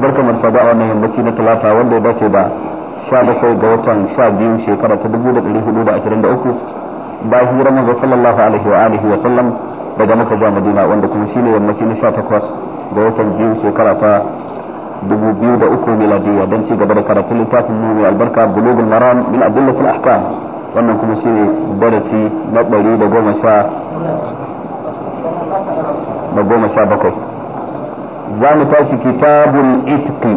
barka marsa da wannan yammaci na talata wanda ya dace da 17 ga watan 12 shekara ta 1423 ba hira manzo sallallahu alaihi wa alihi wa sallam daga maka zuwa madina wanda kuma shine yammaci na 18 ga watan biyu shekara ta 2003 miladiyya don ci gaba da karatun littafin mu mai albarka bulugul maram min adillatul ahkam wannan kuma shine darasi na bakwai. za mu tashi kitabul itqi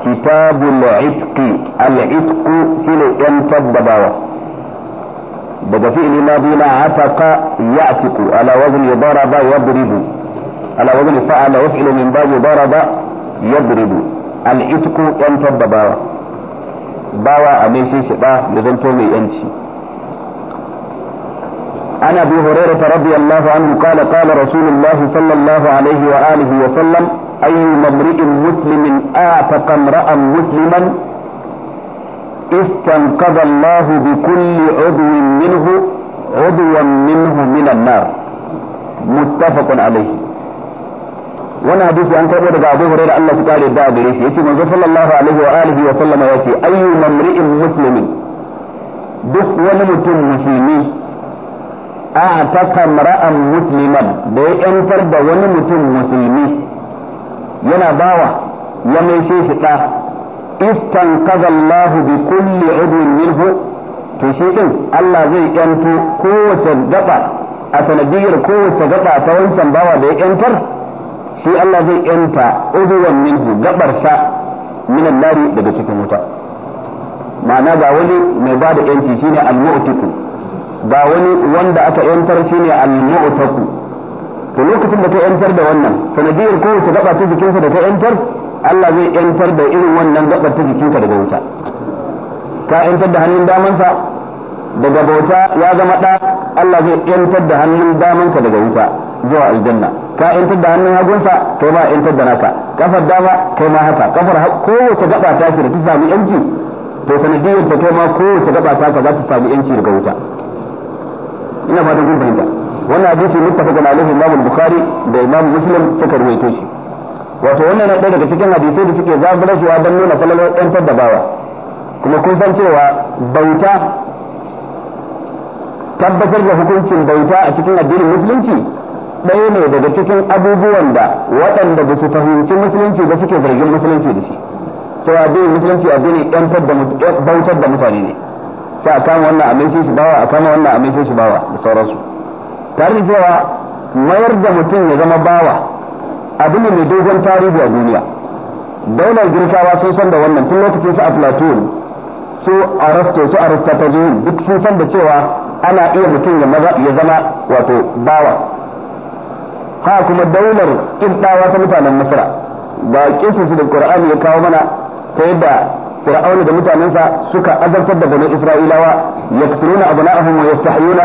kitabul itqi al-itqu shine yan tabbabawa daga fi'li madi na ataqa ya'tiqu ala wazni daraba yadribu ala wazni fa'ala yaf'alu min babi daraba yadribu al-itqu yan tabbabawa bawa a mai shi shi da zanto mai yanci عن ابي هريره رضي الله عنه قال قال رسول الله صلى الله عليه واله وسلم اي امرئ مسلم اعتق امرا مسلما استنقذ الله بكل عضو منه عضوا منه من النار متفق عليه وانا حديث ان كتب ده ابو هريره الله سبحانه يدعى بريسي يتي صلى الله عليه واله وسلم يتي اي امرئ مسلم دك ولا متم مسلمين a taka mara'an musliman da ya yantar da wani mutum musulmi yana bawa ya mai shi shiɗa. istan kazallahu bi kulli udwin minhu to shi ɗin Allah zai yanto kowace gaba a sanadiyar kowace gaba ta wancan bawa da ya yantar shi Allah zai yanta udwan minhu sa, minan nari daga cikin wuta ma'ana ga wani mai ba da yanci shine al-mu'tiku ba wani wanda aka yantar shi ne al-mu'taku to lokacin da ka yantar da wannan sanadiyar kowace gaba ta jikinsa da ka yantar Allah zai yantar da irin wannan gaba ta jikinka daga wuta ka yantar da hannun damansa daga bauta ya zama da Allah zai yantar da hannun damanka daga wuta zuwa aljanna ka yantar da hannun hagunsa to ba yantar da naka kafar dama kai ma haka kafar kowace gaba ta shi da ta sami yanci to sanadiyar ta kai ma kowace gaba ta ka za ta samu yanci daga wuta ina fatan kun fahimta wannan hadisi muttafaqun alaihi imam bukhari da imam muslim suka rawaito shi wato wannan na daya daga cikin hadisai da suke zaburarwa don nuna falalar yan da bawa kuma kun san cewa bauta tabbatar da hukuncin bauta a cikin addinin musulunci ɗaya ne daga cikin abubuwan da waɗanda ba su fahimci musulunci ba suke zargin musulunci da shi cewa addinin musulunci addinin ɗantar da bautar da mutane ne sai a kama wannan a sai shi bawa a kama wannan a sai shi bawa da sauransu tare cewa mayar da mutum ya zama bawa abin ne mai dogon tarihi a duniya daular girkawa sun san da wannan tun lokacin su a platon su arasto su aristotelian duk sun san da cewa ana iya mutum ya zama wato bawa ha kuma daular kintawa ta mutanen misra ba kinsu su da qur'ani ya kawo mana ta yadda fir'auna da mutanensa suka azabtar da bani isra'ilawa yaqtuluna abna'ahum wa yastahyuna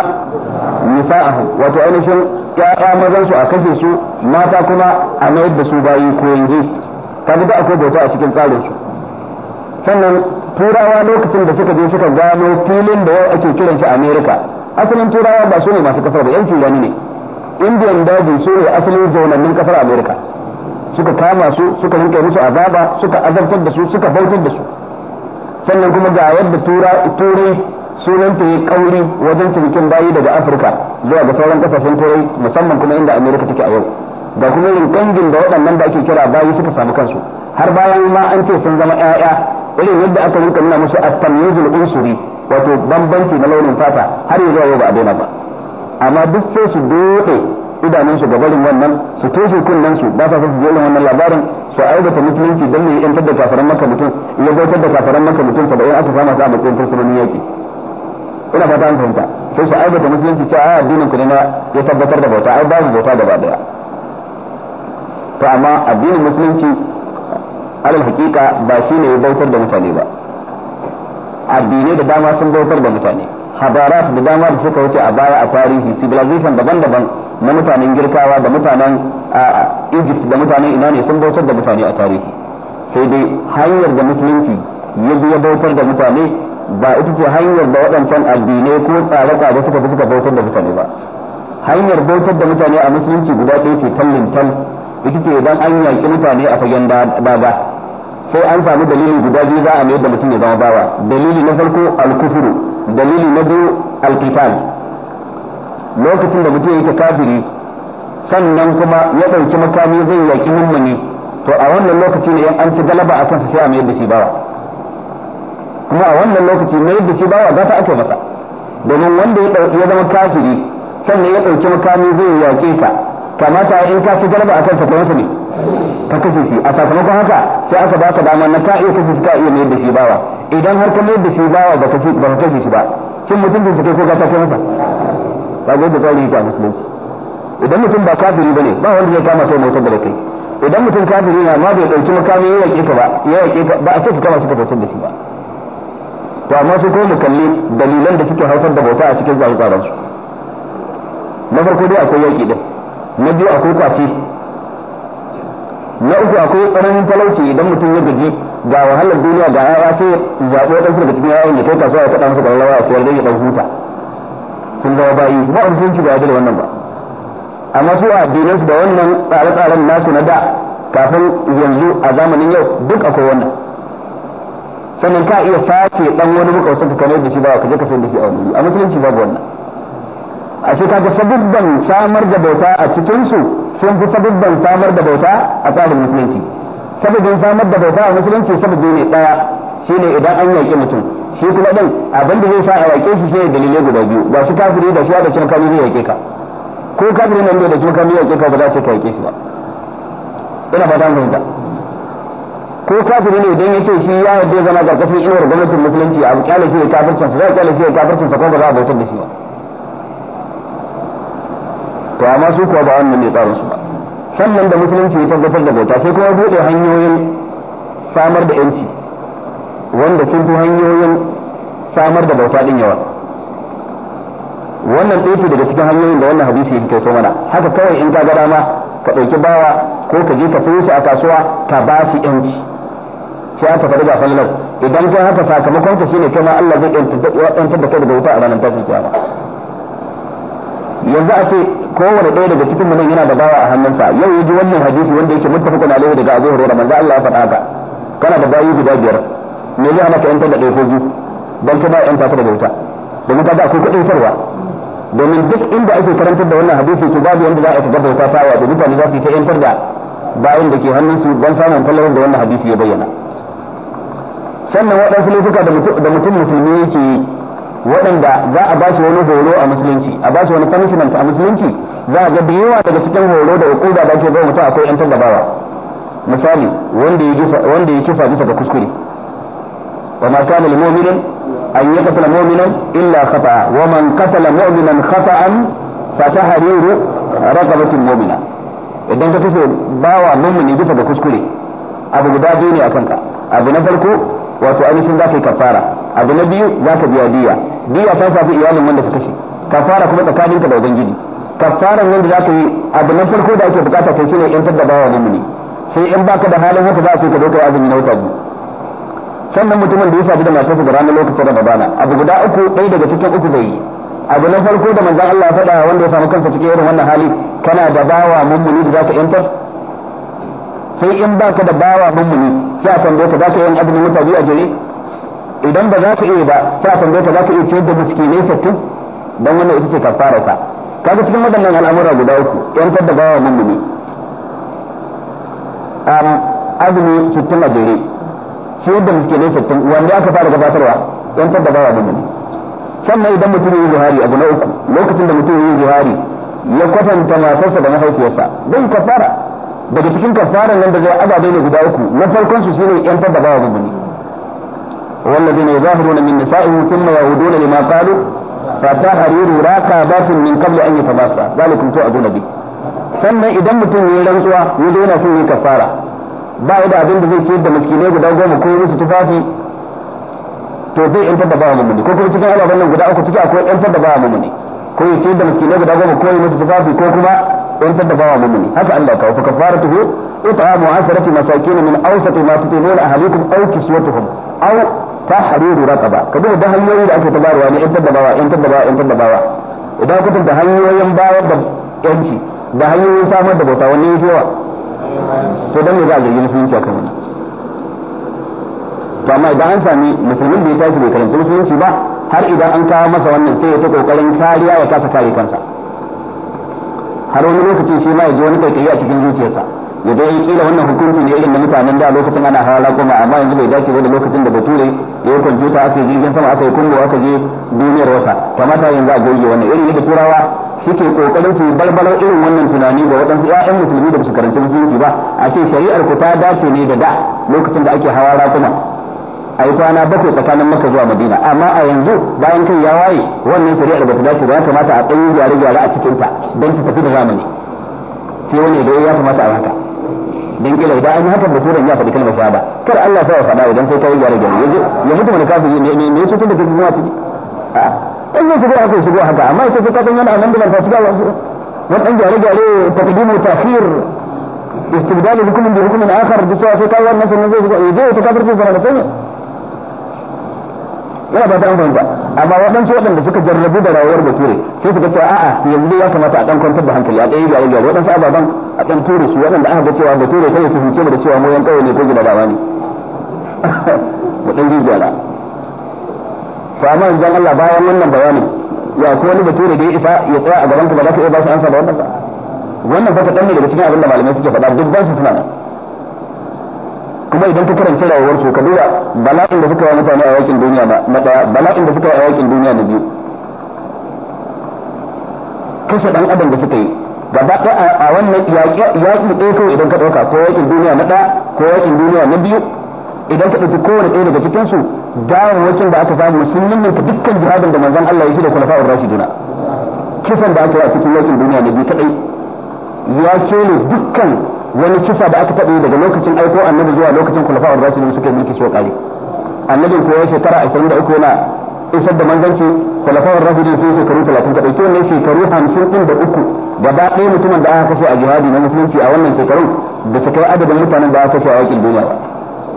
nisa'ahum wato ainihin ƴaƴa mazan su a kashe su mata kuma a mayar da su bayi ko yanzu kaga da akwai bauta a cikin tsarin su sannan turawa lokacin da suka je suka gano filin da yau ake kiran shi America asalin turawa ba su ne masu kasar ba yanci gani ne indiyan daji su ne asalin zaunannin kasar America suka kama su suka rinka musu azaba suka azabtar da su suka bautar da su sannan kuma ga yadda turai sunanta ya kauri wajen cinikin bayi daga afirka zuwa ga sauran kasashen turai musamman kuma inda amerika take a yau ga kuma yin kangin da waɗannan da ake kira bayi suka samu kansu har bayan ma an ce sun zama 'ya'ya irin yadda aka rinka nuna musu at-tamyizul unsuri wato bambanci na launin fata har yanzu yau ba a daina ba amma duk sai su dode idanun ga wannan su toshe kunnen su ba sa su je wannan labarin su aibata musulunci dan ne yantar da kafaran maka mutum ya gautar da kafaran maka mutum saba'in aka fama su a matsayin fursunonin yaki ina fata an fahimta sai su aibata musulunci cewa ai addinin ku ne na ya tabbatar da bauta ai babu bauta gaba daya to amma addinin musulunci alal hakika ba shi ne ya bautar da mutane ba addinai da dama sun bautar da mutane habarat da dama da suka wuce a baya a tarihi civilization daban-daban na mutanen girkawa da mutanen egypt da mutanen ina ne sun bautar da mutane a tarihi sai dai hanyar da musulunci ya biya bautar da mutane ba ita ce hanyar da waɗancan addinai ko tsare-tsare suka fi suka bautar da mutane ba hanyar bautar da mutane a musulunci guda ɗaya ce tallin tal ita ce idan an yaƙi mutane a fagen daga sai an samu dalili guda biyu za a mayar da mutum ya zama bawa dalili na farko alkufuru dalili na biyu alkital lokacin da mutum yake kafiri sannan kuma ya ɗauki makami zai yaƙi mummuni to a wannan lokaci ne an ci galaba a kansa sai a mayar da shi bawa kuma a wannan lokaci ne yadda shi bawa za ta ake masa domin wanda ya zama kafiri sannan ya ɗauki makami zai yaƙe ka kamata in ka ci galaba a kansa ko masa ne ka kashe shi a sakamakon haka sai aka baka dama na ka iya kashe shi ka iya mayar da shi bawa idan har ka mayar da shi bawa ba ka kashe shi ba cin mutum da suke ko ka ta kai masa ba da zai yake a musulunci idan mutum ba kafiri bane ba wanda zai kama kai mutum da kai idan mutum kafiri na amma bai dauki makami ya yake ka ba ya yake ka ba a ce ka kama shi ka da shi ba to amma su ko mu kalli dalilan da suke haifar da bauta a cikin zalzaran su na farko dai akwai yaki din na biyu akwai kwace na uku akwai tsananin talauci idan mutum ya gaji ga wahalar duniya ga yaya sai zaɓo ɗansu daga cikin yayin da kai kasuwa ya kaɗa masa ƙwararrawa a kowar dai ya ɗan huta sun zama bayi ba a musulunci ba da wannan ba amma su a addinansu da wannan tsare-tsaren nasu na da kafin yanzu a zamanin yau duk akwai wannan sannan ka iya sace dan wani buka wasu ka da shi ba ka je ka sayar da shi a wani a musulunci babu wannan a shi kaga sabubban samar da bauta a cikinsu sun fi sabubban samar da bauta a tsarin musulunci sabubban samar da bauta a musulunci sababi ne daya shine idan an yaƙi mutum shi kuma ɗin abin da zai sa a yaƙe shi ne dalilai guda biyu ba su kafiri da shi da cin kafiri zai yaƙe ka ko kafiri nan da cin kafiri yaƙe ka ba za ka yaƙe shi ba ina fata mu fahimta ko kafiri ne idan yace shi ya yarda zama karkashin inuwar gwamnatin musulunci a kyale shi da kafircin sa za kyale shi da kafircin sa ko ba za a bautar da shi ba to amma su kuwa ba wannan ne tsarin su ba sannan da musulunci ya tabbatar da bauta sai kuma bude hanyoyin samar da yanci wanda sun fi hanyoyin samar da bauta din yawa wannan ɗaya daga cikin hanyoyin da wannan hadisi ya fito mana haka kawai in ka ga dama ka ɗauki bawa ko ka je ka sayo shi a kasuwa ka ba shi yanci sai aka faɗi ga fallar idan kai haka sakamakon ka shine kai ma Allah zai yantar da kai daga wuta a ranar tashin kiyama yanzu a ce kowane ɗaya daga cikin mu nan yana da bawa a hannunsa yau ya ji wannan hadisi wanda yake muttafaqun alaihi daga Abu Hurairah manzo Allah ya faɗa haka kana da bayi guda biyar me zai hana yan tada da ɗaya ko don ta ba yanta ta daga wuta domin kaga akwai kuɗaitarwa domin duk inda ake karantar da wannan hadisi to babu yanda za a kaga bauta ta da mutane za su ta yantar da bayan da ke hannunsu don samun falalar da wannan hadisi ya bayyana sannan waɗansu laifuka da mutum musulmi yake yi waɗanda za a ba shi wani horo a musulunci a ba shi wani punishment a musulunci za a ga da yawa daga cikin horo da hukuma da ke bai mutum akwai yantar da bawa misali wanda ya kisa bisa ga kuskure وما كان لمؤمن أن يقتل مؤمنا إلا خطأ ومن قتل مؤمنا خطأ فتحرير رقبة مؤمنة idan ka ba wa mummuni bisa ga kuskure abu guda biyu ne a kanka abu na farko wato ainihin za ka yi kafara abu na biyu za ka biya diya diya ta shafi iyalin wanda ka kashe kafara kuma tsakanin ka da ubangiji kafaran wanda za ka yi abu na farko da ake bukata kai shine yantar da bawa mummuni sai in baka da halin haka za a ce ka zo kai azumi na wata biyu sannan mutumin da ya sadu da matarsa da ranar lokacin ramadana abu guda uku ɗaya daga cikin uku zai yi abu na farko da manzon Allah ya faɗa wanda ya samu kansa cikin irin wannan hali kana da bawa mummuni da zaka yantar sai in baka da bawa mummuni sai a tambaye ka zaka yin azumin wata biyu a jere idan ba za ka iya ba sai a tambaye ka zaka iya ciyar da miskinai sattin don wannan ita ce kafara ka kaga cikin waɗannan al'amura guda uku yantar da bawa mummuni azumi sittin a jere shi yadda muke ne sittin wanda aka fara gabatarwa yan tadda bawa da mini sannan idan mutum yi zuhari abu na uku lokacin da mutum yi zuhari ya kwatanta matarsa da mahaifiyarsa don kafara daga cikin kafaran nan da zai ababe ne guda uku na farkon su shine yan tadda bawa da mini والذين يظاهرون من نسائهم ثم يعودون لما قالوا فتحرير راقبات من قبل ان يتباسا ذلكم توعدون به sannan idan mutum ya rantsuwa ya zo yana yi kafara ba ya da abin da zai ce da miskinai guda goma ko musu tufafi to zai yantar da bawa mumuni ko kuma cikin ababen nan guda uku ciki akwai yantar da bawa mumuni ko ya ce da miskinai guda goma ko musu tufafi ko kuma yantar da bawa mumuni haka Allah ka fa kafaratuhu it'amu asharati masakin min awsati ma tutimuna ahlikum aw kiswatuhum aw tahriru raqaba kaga da hanyoyi da ake tabarwa ne yantar da bawa yantar da bawa yantar da bawa idan kuka da hanyoyin bayar da yanci da hanyoyin samar da bauta wani yafi yawa to dan ne za a zargi musulunci akan wannan to amma idan an sami musulmin da ya tashi bai karanci musulunci ba har idan an kawo masa wannan sai ya ta kokarin kariya ya kasa kare kansa har wani lokacin shi ma ya ji wani kaikayi a cikin zuciyarsa ya dai eh, kila wannan hukunci ne irin da mutanen da lokacin ana hawa kuma amma yanzu bai dace da lokacin da bature ya yi kwamfuta aka yi jirgin sama aka yi kungo aka je duniyar wasa kamata yanzu a goge wannan irin yadda turawa suke kokarin su barbaro irin wannan tunani ga waɗansu ƴaƴan musulmi da su karanci musulunci ba a ce shari'ar ku ta dace ne da da lokacin da ake hawa rakuma a yi kwana bakwai tsakanin maka zuwa madina amma a yanzu bayan kai ya waye wannan shari'ar ba ta dace ba ya kamata a ɗan yi gyare-gyare a cikin ta don ta tafi da zamani sai wani da eh, ya kamata a haka dan kila idan an yi haka baturan ya faɗi kalmar ba kar Allah sa ya faɗa idan sai kai gyare-gyare ya mutu da kafiri ne ne ne ne da ne ne a ne in shigo haka shigo haka amma ita ce ta kan yana nan da farfasuka wani ɗan gyare-gyare takdimu takhir استبدال حكم بحكم اخر بسوء في كاي الناس اللي زي يجي وتكافر في زمانتين yana ba ta an fahimta amma waɗansu waɗanda suka jarrabu da rayuwar bature sai suka cewa a'a yanzu ya kamata a ɗan kwantar da hankali a ɗaya gyare gyare waɗansu ababen a ɗan ture su waɗanda aka ga cewa bature kai su huce mu da cewa mu yan ƙauye ne ko gida dama ne mu ɗan gyara to amma in Allah bayan wannan bayani ya ko wani batu da ya isa ya tsaya a gaban ka ba za ka iya ba shi ansa da wannan ba wannan fata ne daga cikin abin da malamai suke faɗa duk ban su suna nan kuma idan ka karanta rayuwar su ka duba bala'in da suka yi mutane a yakin duniya ba na daya bala'in da suka yi a yakin duniya na biyu kashe ɗan adam da suka yi gaba ɗaya a wannan yaƙi ɗaya kawai idan ka ɗauka ko yakin duniya na ɗaya ko yakin duniya na biyu idan ka ɗauki kowane ɗaya daga cikin su dawowacin da aka samu sun lullunta dukkan jihadin da manzon Allah ya shi da rashi rashiduna kisan da aka yi a cikin yakin duniya da bi kadai ya kele dukkan wani kisa da aka taɓa daga lokacin aiko annabi zuwa lokacin kulafa'ur rashidun suka yi mulki sokari kare annabin ko ya shekara 23 yana isar da manzanci kulafa'ur rashidun sai shekaru 30 kaɗai to ne shekaru 50 da uku gaba ɗaya mutumin da aka kashe a jihadi na musulunci a wannan shekaru da su kai adadin mutanen da aka kashe a yakin duniya ba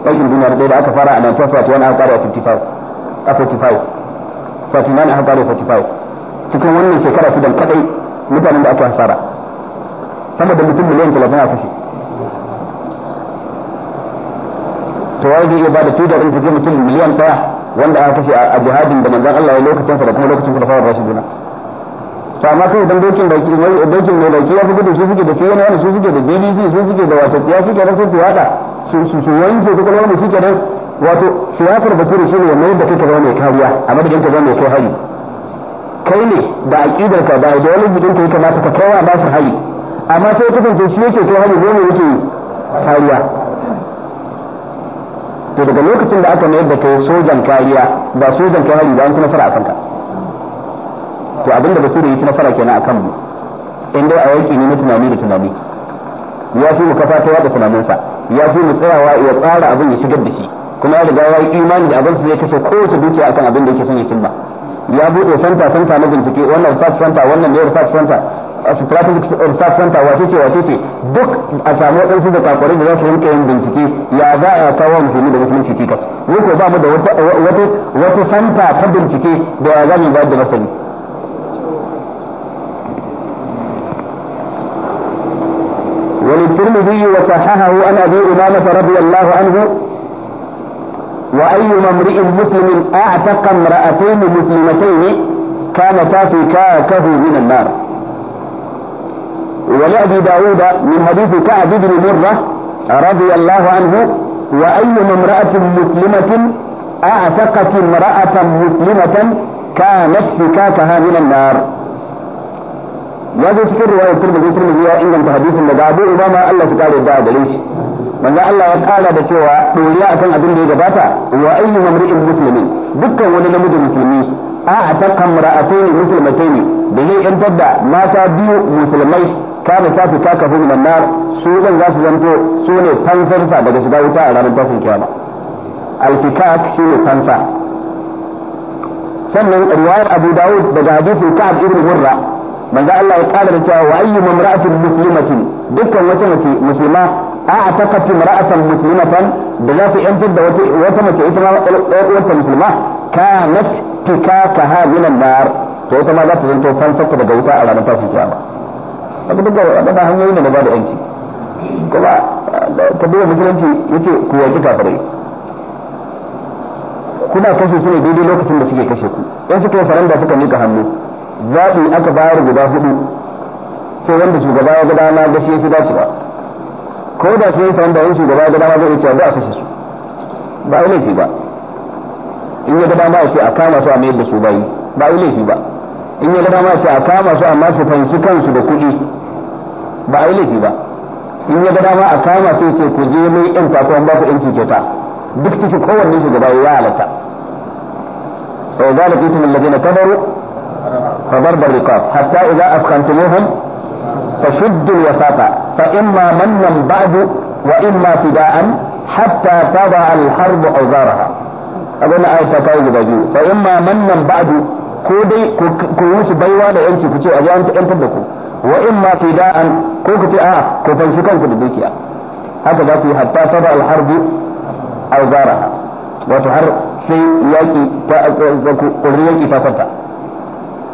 aikin duniya da da aka fara a 1941 aka kare 55 a 45 49 aka 45 cikin wannan shekara su shidan kadai mutanen da aka hasara sama da mutum miliyan 30 a kashe to wai zai ba da tudar in kaje mutum miliyan 1 wanda aka kashe a jihadin da manzon Allah ya lokacin sa da kuma lokacin kulafawar rashiduna to amma kai idan dokin dokin ya fi gudu su suke da fiye wani su suke da bbc su suke da ya suke su su su su wanke su kuma wanda shi kenan wato siyasar bature shi ne mai da kai ka zama mai kariya a madadin ka zama mai kai hari kai ne da aqidar ka da ideology din ka ya kamata ka kaiwa ba su hari amma sai kasance shi yake kai hari ne yake kariya to daga lokacin da aka mayar da kai sojan kariya ba sojan kai hari ba an ci fara a kanka to abinda bature yi ci fara kenan a kanmu in dai a yanki ne na tunani da tunani ya fi mu kafa ta yada tunaninsa ya fi mu tsayawa ya tsara abin ya shigar da shi kuma ya riga ya yi imani da abin su zai kashe kowace dukiya akan abin da yake son ya cimma ya buɗe santa santa na bincike wannan research santa wannan ne research santa strategic research center wace ce wace ce duk a samu waɗansu da kakwari da za su rinka yin bincike ya za a kawo musulmi da musulunci cikas mu ko ba mu da wata wata santa ta bincike da ya za ba bayar da masani وللترمذي وصححه عن ابي امامه رضي الله عنه وايما امرئ مسلم اعتق امراتين مسلمتين كانتا في كاكه من النار ولأبي داود من حديث كعب بن مرة رضي الله عنه وأيما امرأة مسلمة أعتقت امرأة مسلمة كانت فكاكها من النار ya zo cikin riwayar turmuzi turmuzi ya inganta hadisin daga abu ma Allah su kare da gare shi manzo Allah ya kara da cewa doriya akan abin da ya gabata wa ayyu mamri'in muslimin dukkan wani namiji musulmi a ta ataka mar'atayn muslimatayn da zai yantar da mata biyu musulmai kana fi kaka fi minan nar su dan za su zanto su ne fansarsa daga shiga wuta a ranar tasin kiyama alfikak shi ne fansa sannan riwayar abu dawud daga hadisin ka'ab ibn murra manzo Allah ya kara da cewa wa ayyu mamra'atin muslimatin dukkan wata mace musulma a ataqat imra'atan muslimatan da za ta yantar da wata wata mace ita ma wata musulma kanat tikaka hadhihi an-nar to ita ma za ta zanto fansarta daga wuta a ranar tasu kiyama daga duk da hanyoyi ne da ba da yanci kuma kabilar musulunci yace ku yaki kafirai kuna kashe su ne daidai lokacin da suke kashe ku yan suka yi faranda suka mika hannu zaɓi aka bayar guda hudu sai wanda shugaba ya gada na gashi ya fi dace ba ko da sai san da yin shugaba ya gada ma zai cewa a kashe su ba ai laifi ba in ya gada ma a ce a kama su a mayar da su bayi ba ai laifi ba in ya gada ma a ce a kama su amma su fahimci kansu da kuɗi ba ai laifi ba in ya gada ma a kama su ce ku je mai yan takuwan ba ku yanci kyauta duk ciki kowanne shugaba ya halatta فإذلك يتم الذين كفروا فضرب الرقاب حتى اذا اثخنتموهم فشدوا الوساطة فاما منا بعد واما فداء حتى تضع الحرب اوزارها اظن اي تقايد بجو فاما منا بعد كودي كويس بيوة لانت كتير اجان انت بكو واما فداء كوكتي اه كوفنسكن كدبيكيا هكذا في حتى تضع الحرب اوزارها وتحر في ياكي تاكل قريه كفافتها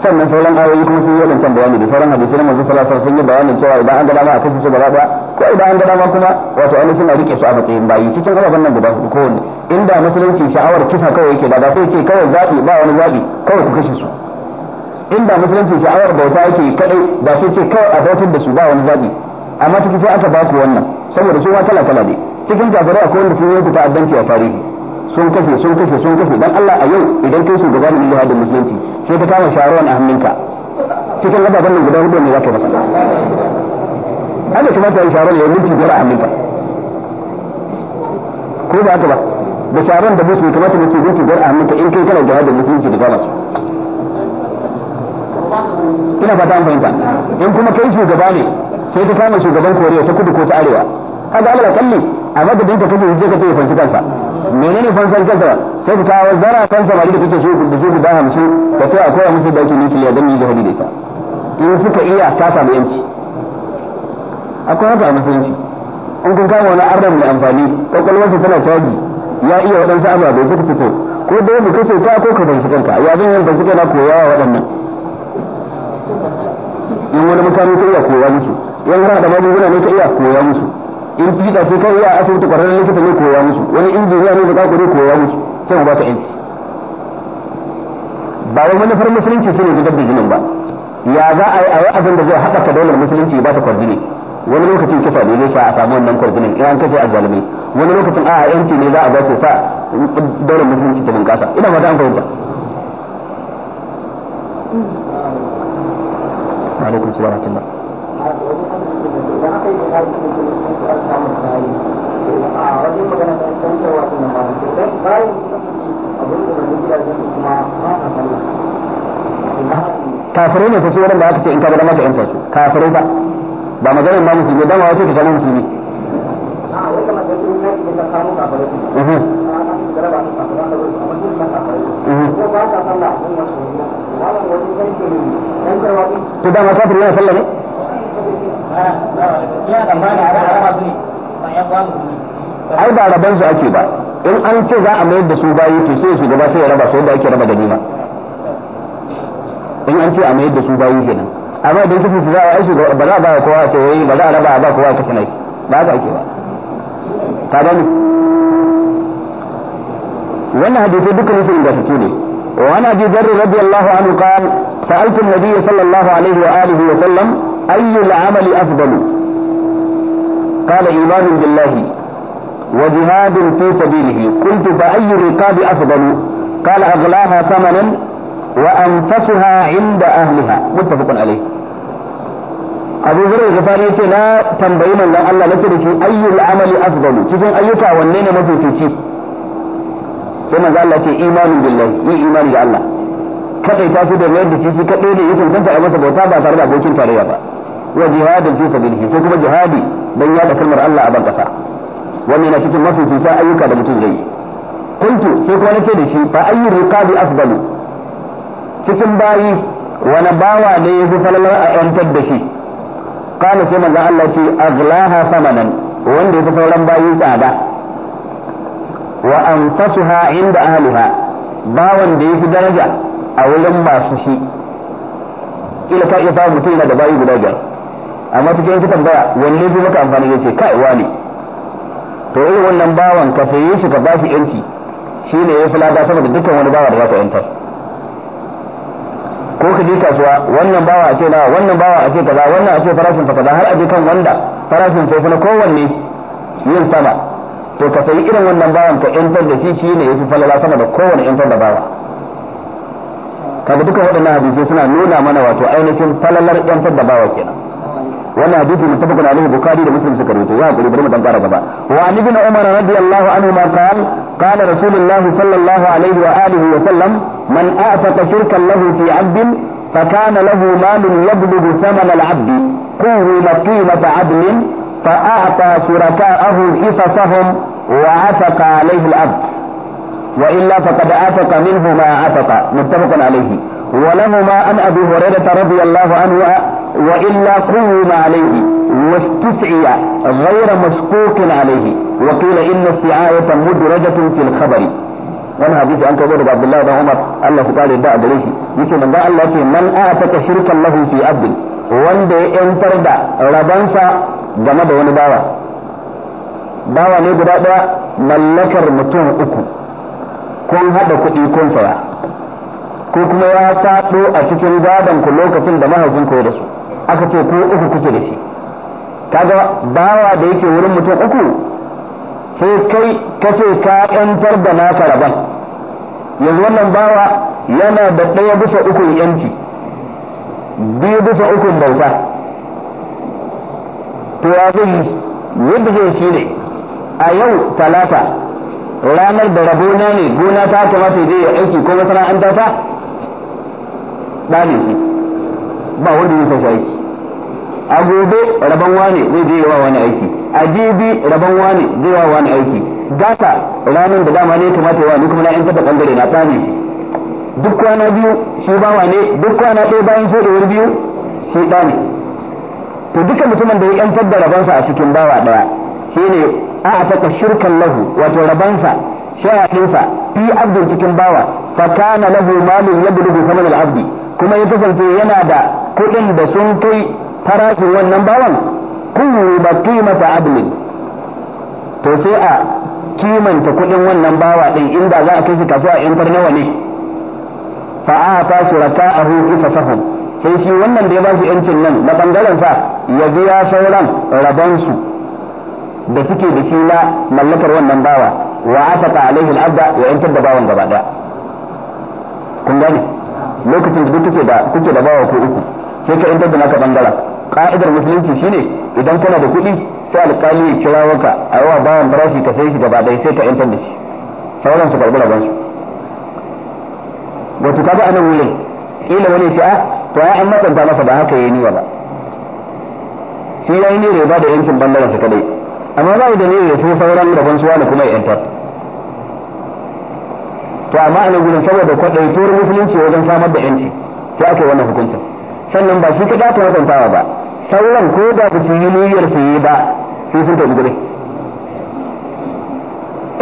sannan sauran ayoyi kuma sun yi wadancan bayani da sauran hadisi na manzo sallallahu sun yi bayanin cewa idan an ga dama a kashe su gaba daya ko idan an ga dama kuma wato an suna rike su a matsayin bayi cikin ababen nan guda hudu kowanne inda musulunci sha'awar kisa kawai yake da ba sai ce kawai zabi ba wani zabi kawai ku kashe su inda musulunci sha'awar bauta yake kadai ba sai ce kawai a bautar da su ba wani zabi amma cikin sai aka baku wannan saboda su ma kala kala ne cikin kafare akwai wanda sun yi ta'addanci a tarihi sun kashe sun kashe sun kashe dan Allah a yau idan kai shugaba ne da musulunci sai ka kama sharuwan a hannunka cikin ababen nan guda hudu ne za ka masa ana kuma ta yi sharuwan ya minti biyar a hannunka ko ba haka ba da sharuwan da musu kamata muke minti biyar a hannunka in kai kana jihadin musulunci da gama su ina fata an fahimta in kuma kai shugaba ne sai ka kama shugaban koriya ta kudu ko ta arewa kaga Allah kalli a madadin ka kaje je ka ce fansi kansa menene fansan kansa sai ku kawo zara kan ba da kuke so da dubu da hamsin ka sai a koya musu da yake niki dan yi jihadi da ita in suka iya ta samu yanci akwai haka a musulunci in kun kama wani arna mai amfani kwakwalwarsa tana caji ya iya waɗansu da suka ce to ko da yadda kace ka ko ka fansu kanka ya zan yin kanka kana koyawa waɗannan in wani mutane ka iya koya musu yan da magunguna ne ka iya koya musu in fiɗa su kawai a asibiti kwararren likita ne koya musu wani injiniya ne da ne koya musu sai mu ba ta yanci ba wai manufar musulunci su ne zubar da jinin ba ya za a yi a yi abin da zai haɓaka daular musulunci ba ta kwarjini wani lokacin kisa ne zai sa a samu wannan kwarjinin in an kashe a jalimi wani lokacin a yanci ne za a ba su sa daular musulunci ta bunƙasa ina ta an fahimta alaikum salamu alaikum. wajen magana kan cewa ba su abin da mun kuma ba ta kafirai ne kace da aka ce in ka ga maka yan fasu kafirai ba ba magana ba musulmi dan wato ka zama musulmi a da kuma ne kafirai to da ma sallah ne? ya a su ne ba ya ai ba raban su ake ba in an ce za a mayar da su bayi to sai su gaba sai ya raba su yadda ake raba ganima in an ce a mayar da su bayi kenan amma idan kace su za a aishi ba za a ba kowa a ce wai ba za a raba ba kowa a kasa nai ba za ake ba ka gani wannan hadisi dukkan su ingantattu ne وعن ابي ذر رضي الله عنه قال سالت النبي صلى الله عليه واله وسلم اي العمل افضل قال ايمان بالله وجهاد في سبيله قلت فأي رقاب أفضل قال أغلاها ثمنا وأنفسها عند أهلها متفق عليه أبو ذر الغفاري لا تنبئي من لو الله أي العمل أفضل تكون أيك والنين ما في تشي ثم قال لك إيمان بالله إي إيمان يا الله كتي تاسي بغير تشيسي كتي لي إيمان تنسى أبو سبو تابع تربع بوكين تاريابا وجهاد في سبيله فكما جهادي بين يدك المرأة الله أبو wannan cikin cikin mafificin ayyuka da mutum zai yi kuntu sai kuma ce da shi fa ayyu riqabi afdalu cikin bayi wani bawa ne ya fi falalar a yantar da shi kana sai manzo Allah ce aglaha samanan wanda ya fi sauran bayi tsada wa anfasuha inda ahliha bawan da ya fi daraja a wurin masu shi kila ka iya samun mutum yana da bayi guda biyar amma cikin kitan baya wanne zai maka amfani zai ce kai wani to irin wannan bawan ka saye shi ka bashi yanci shi ne ya fi lada saboda dukkan wani bawa da za ka yantar ko ka je kasuwa wannan bawa a ce nawa wannan bawa a ce kaza wannan a ce farashin fa kaza har a kan wanda farashin sai na kowanne yin sama to ka sayi irin wannan bawan ka yantar da shi shi ne ya fi falala sama da kowanne yantar da bawa kaga dukkan waɗannan hadisai suna nuna mana wato ainihin falalar yantar da bawa kenan wannan hadisi muttafaqun alaihi bukhari da muslim suka rawaito ya hakuri bari mu dan kara gaba wa an ibn umar radiyallahu anhu ma qal qala rasulullahi sallallahu alaihi wa alihi wa sallam man a'taqa shirkan lahu fi 'abdin فكان له مال يبلغ ثمن العبد قوم قيمة عدل فأعطى شركاءه حصصهم وعتق عليه العبد وإلا فقد عتق منه ما عتق متفق عليه ولهما عن أبي هريرة رضي الله عنه وإلا قوم عليه واستسعي غير مشكوك عليه وقيل إن السعاية مدرجة في الخبر wani hadisi an kawo daga Abdullahi dan Umar Allah su kare da a gare shi yace manzo Allah ce man ataka shirkan lahu fi abdin wanda ya yantar da rabansa game da wani bawa bawa ne guda daya mallakar mutum uku kun hada kuɗi kun saya ko kuma ya faɗo a cikin gadon ku lokacin da mahaifin ku da su aka ce ko uku kuke da shi kaga bawa da yake wurin mutum uku sai kai kace ka yantar da naka rabon yanzu wannan bawa yana da ɗaya bisa uku yanci biyu bisa uku bauta to ya zai yadda zai shi ne a yau talata ranar da rabona ne gona ta kamata ya je ya aiki ko masana'anta ta ne shi ba wanda zai sashi aiki a gobe rabon wane zai je wa wani aiki a jibi rabon wane zai wa wani aiki gata ranar da dama ne kamata wa ni kuma na yan ɓangare na shi duk kwana biyu shi ba ne duk kwana ɗaya bayan shodewar biyu shi ɗani to duka mutumin da ya yantar da rabonsa a cikin bawa ɗaya shi ne a a taka shirkan lahu wato rabonsa shayaɗinsa fi abdin cikin bawa fa kana lahu malin ya bulugu kamar al'abdi kuma ya kasance yana da kudin da sun kai farashin wannan bawan kullu ba qimata adlin to sai a kimanta kudin wannan bawa din inda za a kai shi kasuwa in far nawa ne fa a ta surata ahu ifasahum sai shi wannan da ya ba su yancin nan na bangaren sa ya biya sauran rabansu da suke da shi na mallakar wannan bawa wa afaka alaihi al'abda ya yantar da bawan gaba daya kun gane lokacin da kuke da kuke da bawa ko uku sai ka intar da naka bangara ka'idar musulunci shine idan kana da kuɗi sai alƙali ya kira maka a yawa bayan farashi ka sai shi gaba ɗaya sai ka intar da shi sauran su karɓi rabon su wato kaga anan wurin kila wani ya ce a ah, to ai an matsanta masa ba haka yayi niwa ba sai yayi ne ba da yankin bangaren sa kadai amma ba da ne ya so sauran rabon su wani kuma ya yantar to amma anan gurin saboda kwadaitor musulunci wajen samar da yanci sai aka yi wannan hukuncin sannan ba shi kaɗa ta mutuntawa ba sauran ko da ba su yi niyyar su yi ba sai sun tafi gudun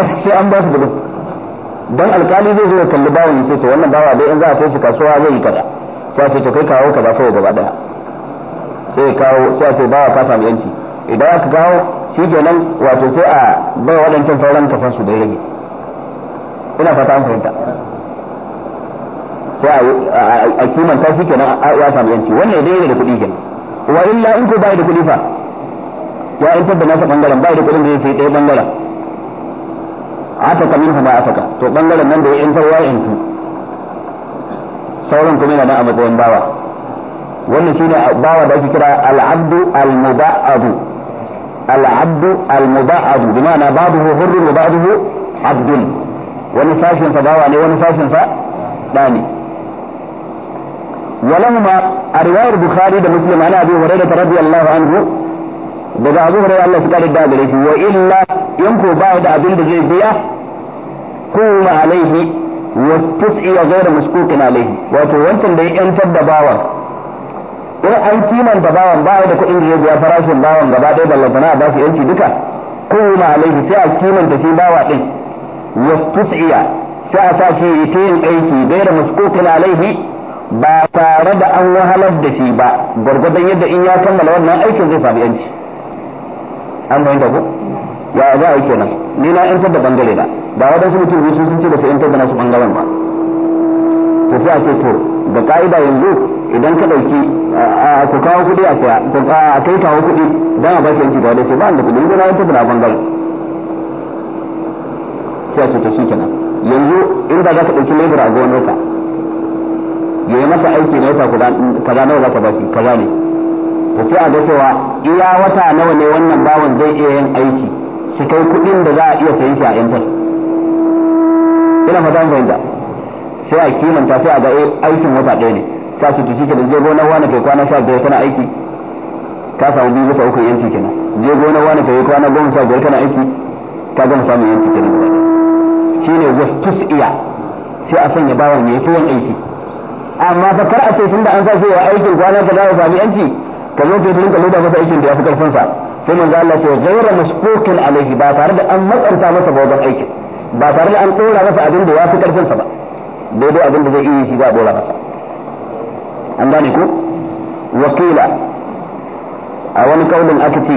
sai an ba su gudun don alkali zai zo ya kalli bawon ya ce to wannan bawa dai in za a kai shi kasuwa zai yi kaza sai a ce to kai kawo ba kawai gaba daya sai kawo sai a ce bawa ka samu yanci idan aka kawo shi kenan wato sai a bai waɗancan sauran kasansu da ya rage ina fata an fahimta ko a kimanta shi kenan ya samu yanci wannan ya daidai da kuɗi kenan wa illa in ko bai da kuɗi fa ya in da nasa bangaren bai da kuɗin da ya sai ɗaya bangaren ataka min ma ataka to bangaren nan da ya in tarwa in tu sauran kuma yana nan a matsayin bawa wannan shine bawa da ake kira al-abdu al-muba'adu al-abdu al-muba'adu bi ma'ana ba'dahu hurrun wa ba'dahu abdun wani sashin bawa ne wani sashin sa ولهما رواية البخاري ده مسلم عن أبي هريرة رضي الله عنه daga abu hurairah Allah suka da gare shi wa illa in ko da abin zai biya kuma alaihi wa tus'i ghayra maskukin alaihi wato wancan da ya da bawan in an kimanta bawan ba da kuɗin da zai farashin bawan gaba ɗaya ballantana ba su yanci duka kuma alaihi sai a kimanta shi bawa din wasu tus'iya sai a sa shi ta yin aiki ghayra maskukin alaihi ba tare da an wahalar da shi ba gwargwadon yadda in ya kammala wannan aikin zai sami yanci an fahimta ko ya za a yi kenan ni na yantar da bangare na ba wadansu mutum biyu sun ce ba su yantar da nasu bangaren ba to sai a ce to da ka'ida yanzu idan ka ɗauki ku kawo kuɗi a saya ku a kai kawo kuɗi dan a ba shi yanci ba wadai sai ba da kuɗi ni na yantar da na bangaren sai a ce to shi kenan yanzu in ba za ka ɗauki lebura a gonar ka ya yi masa aiki na wata kaza nawa za ka bashi kaza ne to sai a ga cewa iya wata nawa ne wannan bawan zai iya yin aiki shi kai kuɗin da za a iya sayan shi a yantar ina fata fahimta sai a kimanta sai a ga eh, aikin wata ɗaya ne sa su tushi ka da je gona wani kai kwana sha biyar kana aiki ka samu biyu bisa uku yanci kenan je gona wani kai kwana goma sha biyar kana aiki ka gama samun yanci kenan shi ne wasu iya sai a sanya bawan ya yi yin aiki amma fa kar a ce tunda an sace wa aikin kwana ka dawo sami yanci ka zo ka rinka loda masa aikin da ya fi karfin sa sai manzo Allah ce ghayra mashquqin alaihi ba tare da an matsanta masa ba wajen aikin ba tare da an dora masa abin da ya fi karfin sa ba daidai abin da zai iya shi za a dora masa an gane ku wakila a wani kaulin aka ce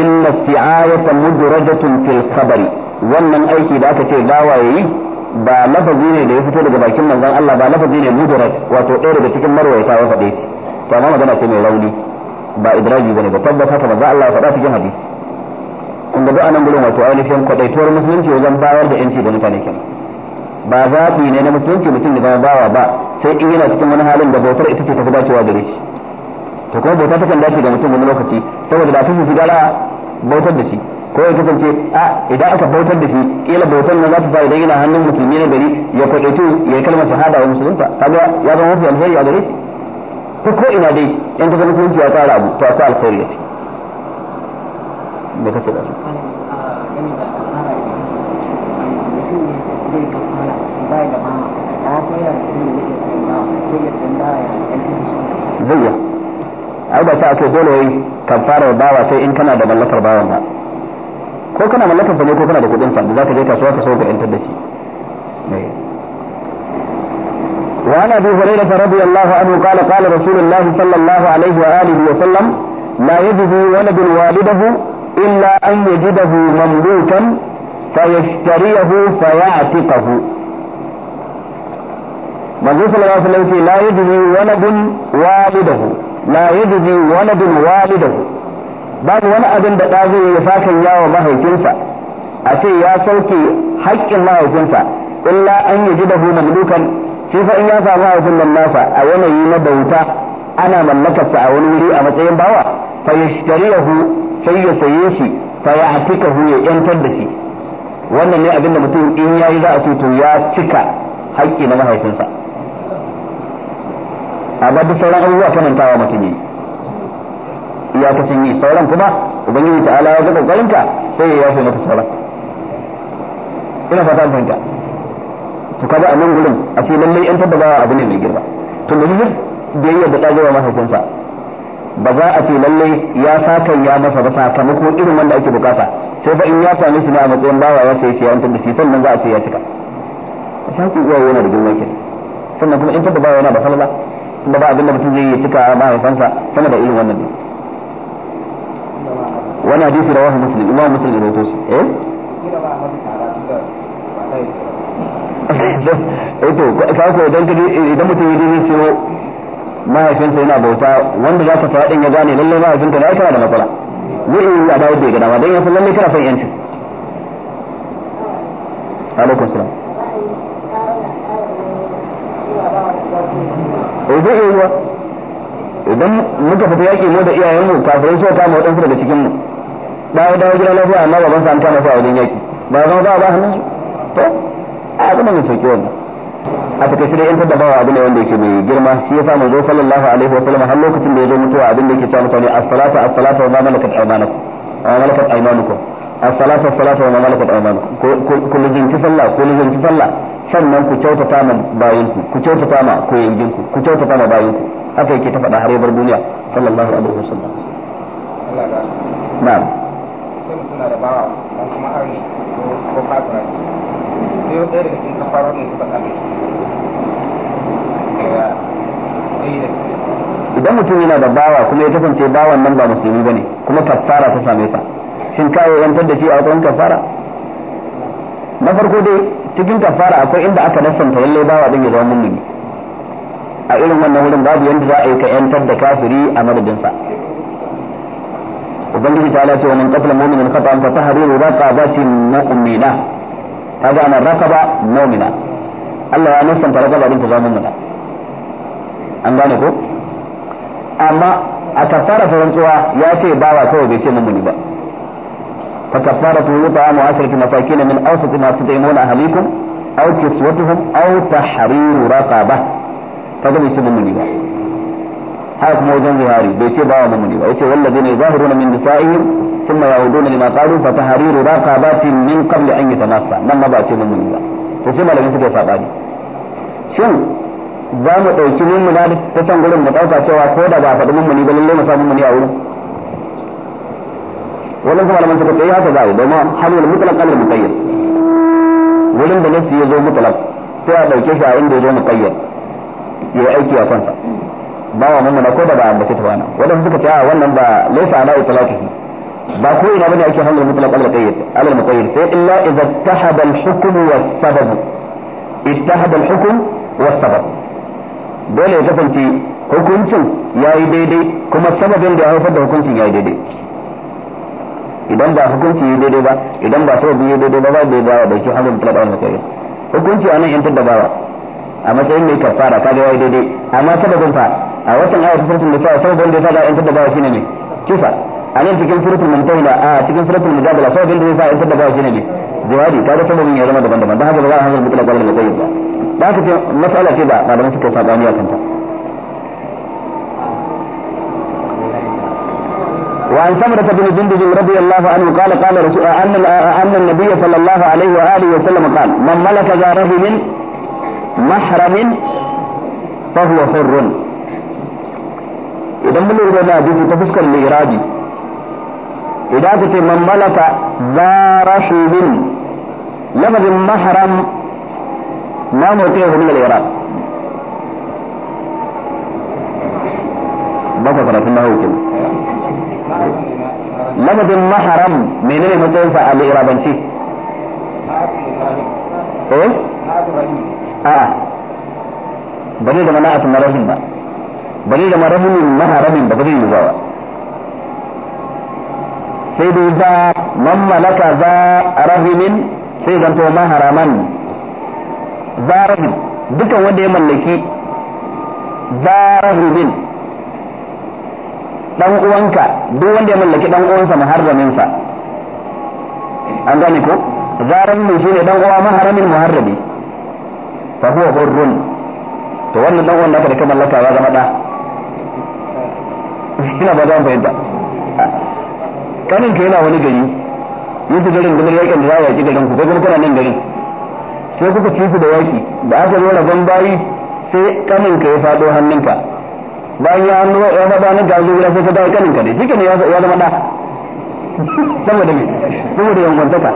inna isti'ayata mudrajatun fil khabari wannan aiki da aka ce gawaye yi ba lafazi ne da ya fito daga bakin manzon Allah ba lafazi ne mudarat wato ɗaya daga cikin marwayata ya faɗe shi to amma magana ce mai rauni ba idraji bane ba tabbata haka manzon Allah faɗa cikin hadisi inda ba nan gurin wato ainihin kwadaituwar musulunci wajen bayar da yanci da mutane kenan ba zaɓi ne na musulunci mutum da zama bawa ba sai in yana cikin wani halin da bautar ita ce tafi dacewa gare shi to kuma bauta takan dace ga mutum wani lokaci saboda da fi su gara bautar da shi ko ya kasance a idan aka bautar da shi kila bautar na za ta sa idan yana hannun musulmi na gari ya kwadaitu ya yi kalmar shahada wa musulunta kaga ya zama mafi alheri a gare shi ta ko ina dai yan kaga musulunci ya tsara abu to sa alheri ya ce da kace da su zai ya ai ba ta ake dole wai kafara bawa sai in kana da mallakar bawan ba ko kana mallakar sa ne ko kana da kudin sa da zaka je kasuwa ka so ka yantar da shi وعن ابي هريره رضي الله عنه قال قال رسول الله صلى الله عليه واله وسلم لا يجد ولد والده الا ان يجده مملوكا فيشتريه فيعتقه manzo sallallahu alaihi wasallam ce la yajzi waladun walidahu la yajzi waladun walidahu babu wani abin da ɗa zai yi fatan yawa mahaifinsa a ce ya sauke haƙƙin mahaifinsa illa an yi jidahu mamlukan shi fa in ya samu mahaifin nan nasa a yanayi na bauta ana mallakarsa a wani wuri a matsayin bawa fa yashtariyahu sai ya saye shi fa ya ya yantar da shi wannan ne abin da mutum in ya yi za a ce to ya cika haƙƙi na mahaifinsa amma duk sauran abubuwa kanantawa mutum yi ya kusan yi sauran kuma ubangiji ala ya ga kokarinka sai ya yafe maka sauran ina fata an fahimta to kaga a nan gurin a sai lallai yan bawa abu ne mai girma to da hijir biyayya da kajewa mahaifinsa ba za a ce lallai ya kan ya masa ba sakamako irin wanda ake bukata sai fa in ya sami su ne a matsayin bawa ya sai ya da shi sannan za a ce ya cika a shakin uwaye yana da girma kenan sannan kuma in bawa yana da falala kuma ba abin da mutum zai yi cika mahaifansa sama da irin wannan ne wani hadisi rawahu muslim imam muslim ya rawaito shi eh, eh to ka ko idan kaje idan mutum yaje zai ciro mahaifinsa yana bauta wanda za ka faɗin ya gane lalle mahaifinka ne ai da matsala zai yi a dawo da ya gada ma dan ya san lalle kana son yanci alaikum salam eh, zai yi wa idan muka fita yaƙi mu da iyayenmu kafirai suka kama waɗansu daga cikinmu ba ya dawo gida lafiya amma baban sa an kama fa wajen yaki ba zan ba ba hannun su to a abin da mai sauki wannan a takaice da yantar da bawa abin da wanda yake mai girma shi yasa zo sallallahu alaihi wa sallam har lokacin da ya zo mutuwa abin da yake cewa mutane as-salatu as-salatu wa ma malakat aymanukum wa malakat aymanukum as-salatu as-salatu wa ma malakat aymanukum ku lizinci sallah ku lizinci sallah sannan ku kyautata ma bayinku ku kyautata ma koyinginku ku kyautata ma bayinku haka yake ta faɗa har ya bar duniya sallallahu alaihi wa sallam na'am suna da bawa don kuma ko kafira sai yau ɗaya daga cikin kafarar ne suka idan mutum yana da bawa kuma ya kasance bawan nan ba musulmi ne kuma kafara ta same ta shin ka yantar da shi a wajen kafara na farko dai cikin kafara akwai inda aka nasanta lallai bawa din ya zama mummuni a irin wannan wurin babu yadda za a yi ka yantar da kafiri a madadinsa ubangiji ta ce wa man qatala mu'minan khata'an fa tahriru raqabatin mu'mina kaga ana raqaba mu'mina Allah ya nufanta raqaba din ta zama mu'mina an gane ko amma a kafara ta rantsuwa ya ce bawa kawai bai ce mu'mini ba fa kafara tu yuta'a mu'asirati masakin min awsati ma tut'imuna ahlikum aw kiswatuhum aw tahriru raqaba kaga bai ce mu'mini ba haka kuma wajen zihari bai ce bawa mumuni ba yace wallazina yuzahiruna min nisa'ihim thumma yauduna lima qalu fa tahriru raqabatin min qabl an yatanassa nan ma ba ce mumuni ba to sai malamin suka sabani shin za mu ɗauki mummuna ta san gurin mu ɗauka cewa ko da ba faɗi mummuni ba lallai mu samu mummuni a wurin wannan su malaman suka yi eh, haka za a yi domin halin mutlaq al muqayyad wurin da nasi ya zo mutlaq sai a ɗauke shi a inda ya zo muqayyad ya aiki a kansa ba wa mana ko da ba ambace ta wannan wanda suka ce a wannan ba laysa ala itlaqihi ba ko ina bane ake hamlul mutlaq al qayyid al muqayyid sai illa idza ittahada al hukm wa sabab ittahada al hukm wa sabab dole ya kasance hukuncin yayi daidai kuma sababin da ya haifar da hukuncin yayi daidai idan ba hukunci yi daidai ba idan ba sababi yi daidai ba ba da ba da ke hamlul mutlaq al muqayyid hukunci anan yantar da bawa a matsayin mai kafara kaga yayi daidai amma sababin fa a watan ayar suratul nisa sababin da ya sa yantar da bawa shine ne kisa a nan cikin suratul mumtahila a cikin suratul mujadala sababin da ya sa yantar da bawa shine ne jawabi kaga sababin ya zama daban-daban dan haka ba za a hanzar mutlaq wala muqayyad ba da haka ce mas'ala ce da malaman suka sabani a kanta وعن ثمرة بن جندب رضي الله عنه قال قال رسول أن أن النبي صلى الله عليه وآله وسلم قال من ملك ذا رهن محرم فهو حر idan mun yi da hadisi ta fuskar lirabi idan ka ce man malaka zarahibin lafazin mahram na mutai hu min al-iraq ba ka karatun na kin lafazin mahram menene matsayin sa al-irabanci eh a ne da mana mana'atun marahim ba ba zai zama maharamin ba zai yi ba sai dai za man malaka za rahimin sai zanto maharaman za rahim dukan wanda ya mallaki za rahimin dan uwanka duk wanda ya mallaki dan uwansa maharamin sa an gane ko zaran mai shine dan uwa maharamin muharrabi fa huwa hurrun to wannan dan uwan da aka da mallaka ya zama da ina ba zan fahimta kanin ka yana wani gari yanzu garin gudun yakin da za a yaki garin ku kuma kana nan gari sai kuka ci su da yaki da aka zo ban bayi sai kanin ka ya faɗo hannunka bayan ya hannu ya faɗo hannunka a zuwa sai ka dawo kanin ka ne shi ne ya zama ɗa saboda me saboda yankwantaka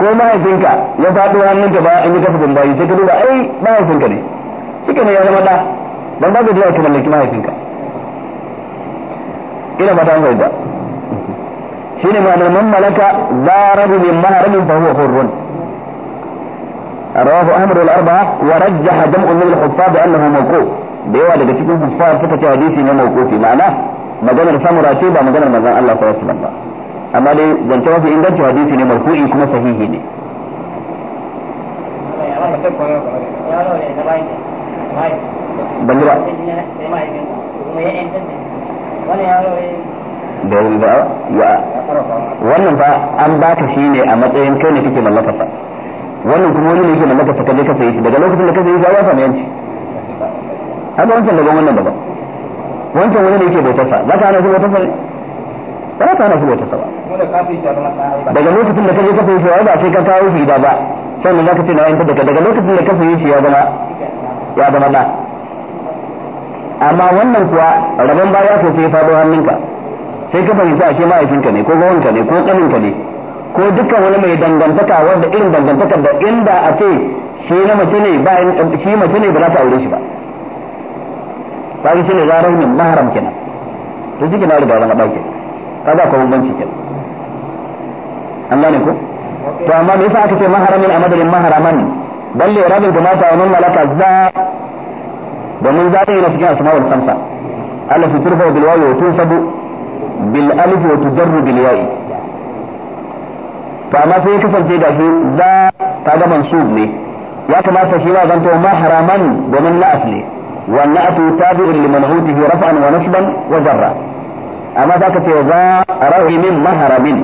ko mahaifinka ya faɗo hannunka ba an yi ban bayi sai ka duba ai mahaifinka ne shi ne ya zama ɗa ban ba ka da yawa ka mallaki mahaifinka ina ba ta hankali da shi ne malaman malaka za rabu min maharabin fa huwa hurrun rawahu ahmad wa rajjaha jam'un min al-huffaz annahu mawquf da yawa daga cikin huffaz suka ce hadisi ne mawqufi ma'ana maganar samura ce ba maganar manzon Allah sallallahu alaihi wasallam ba amma dai zance mafi inganci hadisi ne marfu'i kuma sahihi ne ban da wuri ba wannan ba an shi ne a matsayin kai ne kake mallakasa wannan kuma wani ne yake mallakasa kaje ka sayi shi daga lokacin da ka sayi shi ya samu yanci haka wancan daban wannan daban wancan wani ne yake bautarsa za ka hana shi bautarsa ne ba za ka hana shi bautarsa ba daga lokacin da ka je ka sayi shi ya ba sai ka kawo shi gida ba sannan za ka ce na yanka daga daga lokacin da ka sayi shi ya zama ya zama da amma wannan kuwa rabon baya ko sai faɗo hannunka sai ka fahimci ashe mahaifinka ne ko gawanka ne ko tsaninka ne ko dukkan wani mai dangantaka wanda irin dangantaka da inda a ce shi na mace ne bayan shi mace ne ba za ta aure shi ba kaga shi ne zarar raunin maharam kenan to shi kenan riga zama ɗauke kaga ko bambanci kenan an ne ko to amma me yasa aka ce maharamin a madadin maharaman balle rabin da mata wannan malaka za domin zaɓi yana cikin asma'ul khamsa allati turfa bil wawi wa tunsabu bil alif wa tujarru bil ya'i to amma sai kasance da shi za ta ga mansub ne ya kamata shi ma zanto mahraman domin na'at ne wa na'atu tabi'un li man'utihi raf'an wa nasban wa amma za ka ce za rawi min mahramin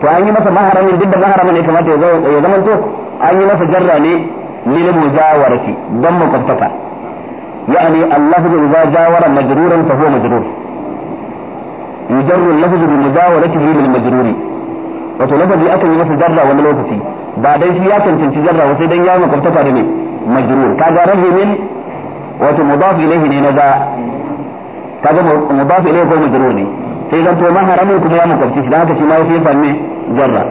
to an yi masa maharamin duk da maharamin ne kamata ya zama to an yi masa jarra ne lil mujawarati dan makwabtaka يعني اللفظ إذا جاور مجرورا فهو مجرور يجر اللفظ بمجاورته للمجرور وتو لفظ يأتي من لفظ جرى وملوكسي بعد ذلك يأتي من جرى وسيدن يوم كنتك مجرور كذا رجل من وتو مضاف إليه نينجا كذا مضاف إليه هو مجرور سيدا تو ما هرمكم يوم كنتك لأنك سيما يسير فنه جرى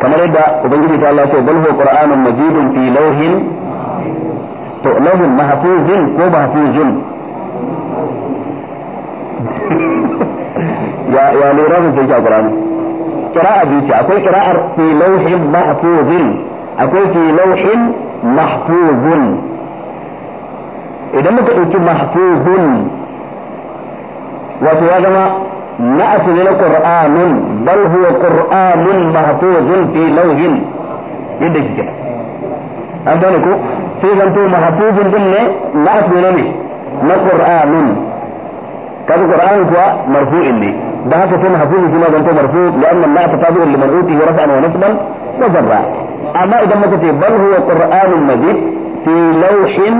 كما لدى وبنجد الله سيقول هو قرآن مجيد في لوح تؤلهم محفوظ كو محفوظ يا يا لي رمز زي القران قراءة بيتي اقول قراءة في لوح محفوظ اقول في لوح محفوظ اذا ما تقول محفوظ وفي هذا ما نأتي الى قرآن بل هو قرآن محفوظ في لوح يدك إيه هذا sai zanto mahafuzun din ne na asbina ne na qur'anin kaga qur'anin kuwa marfu'in ne da haka sai mahfuzun shi ma zanto marfu da annan la tatabi'u li mar'uti wa rafa'an wa nasban wa zarra amma idan muka ce bal huwa qur'anun majid fi lawhin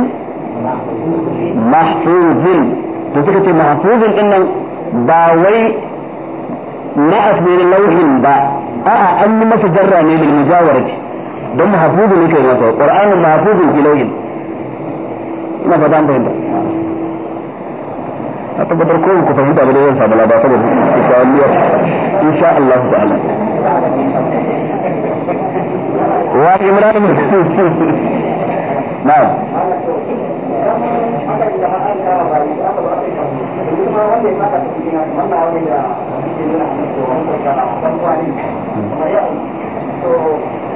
mahfuzin to suka ce mahfuzin din nan ba wai na asbina lawhin ba a'a an yi masa jarra ne lil mujawarati don mahfuzun yake masa qur'anun mahfuzun fi lawhin ina fata an fahimta a tabbatar ko ku fahimta ba da yawan sabala ba saboda insha insha Allah ta'ala wa imran na'am to hmm.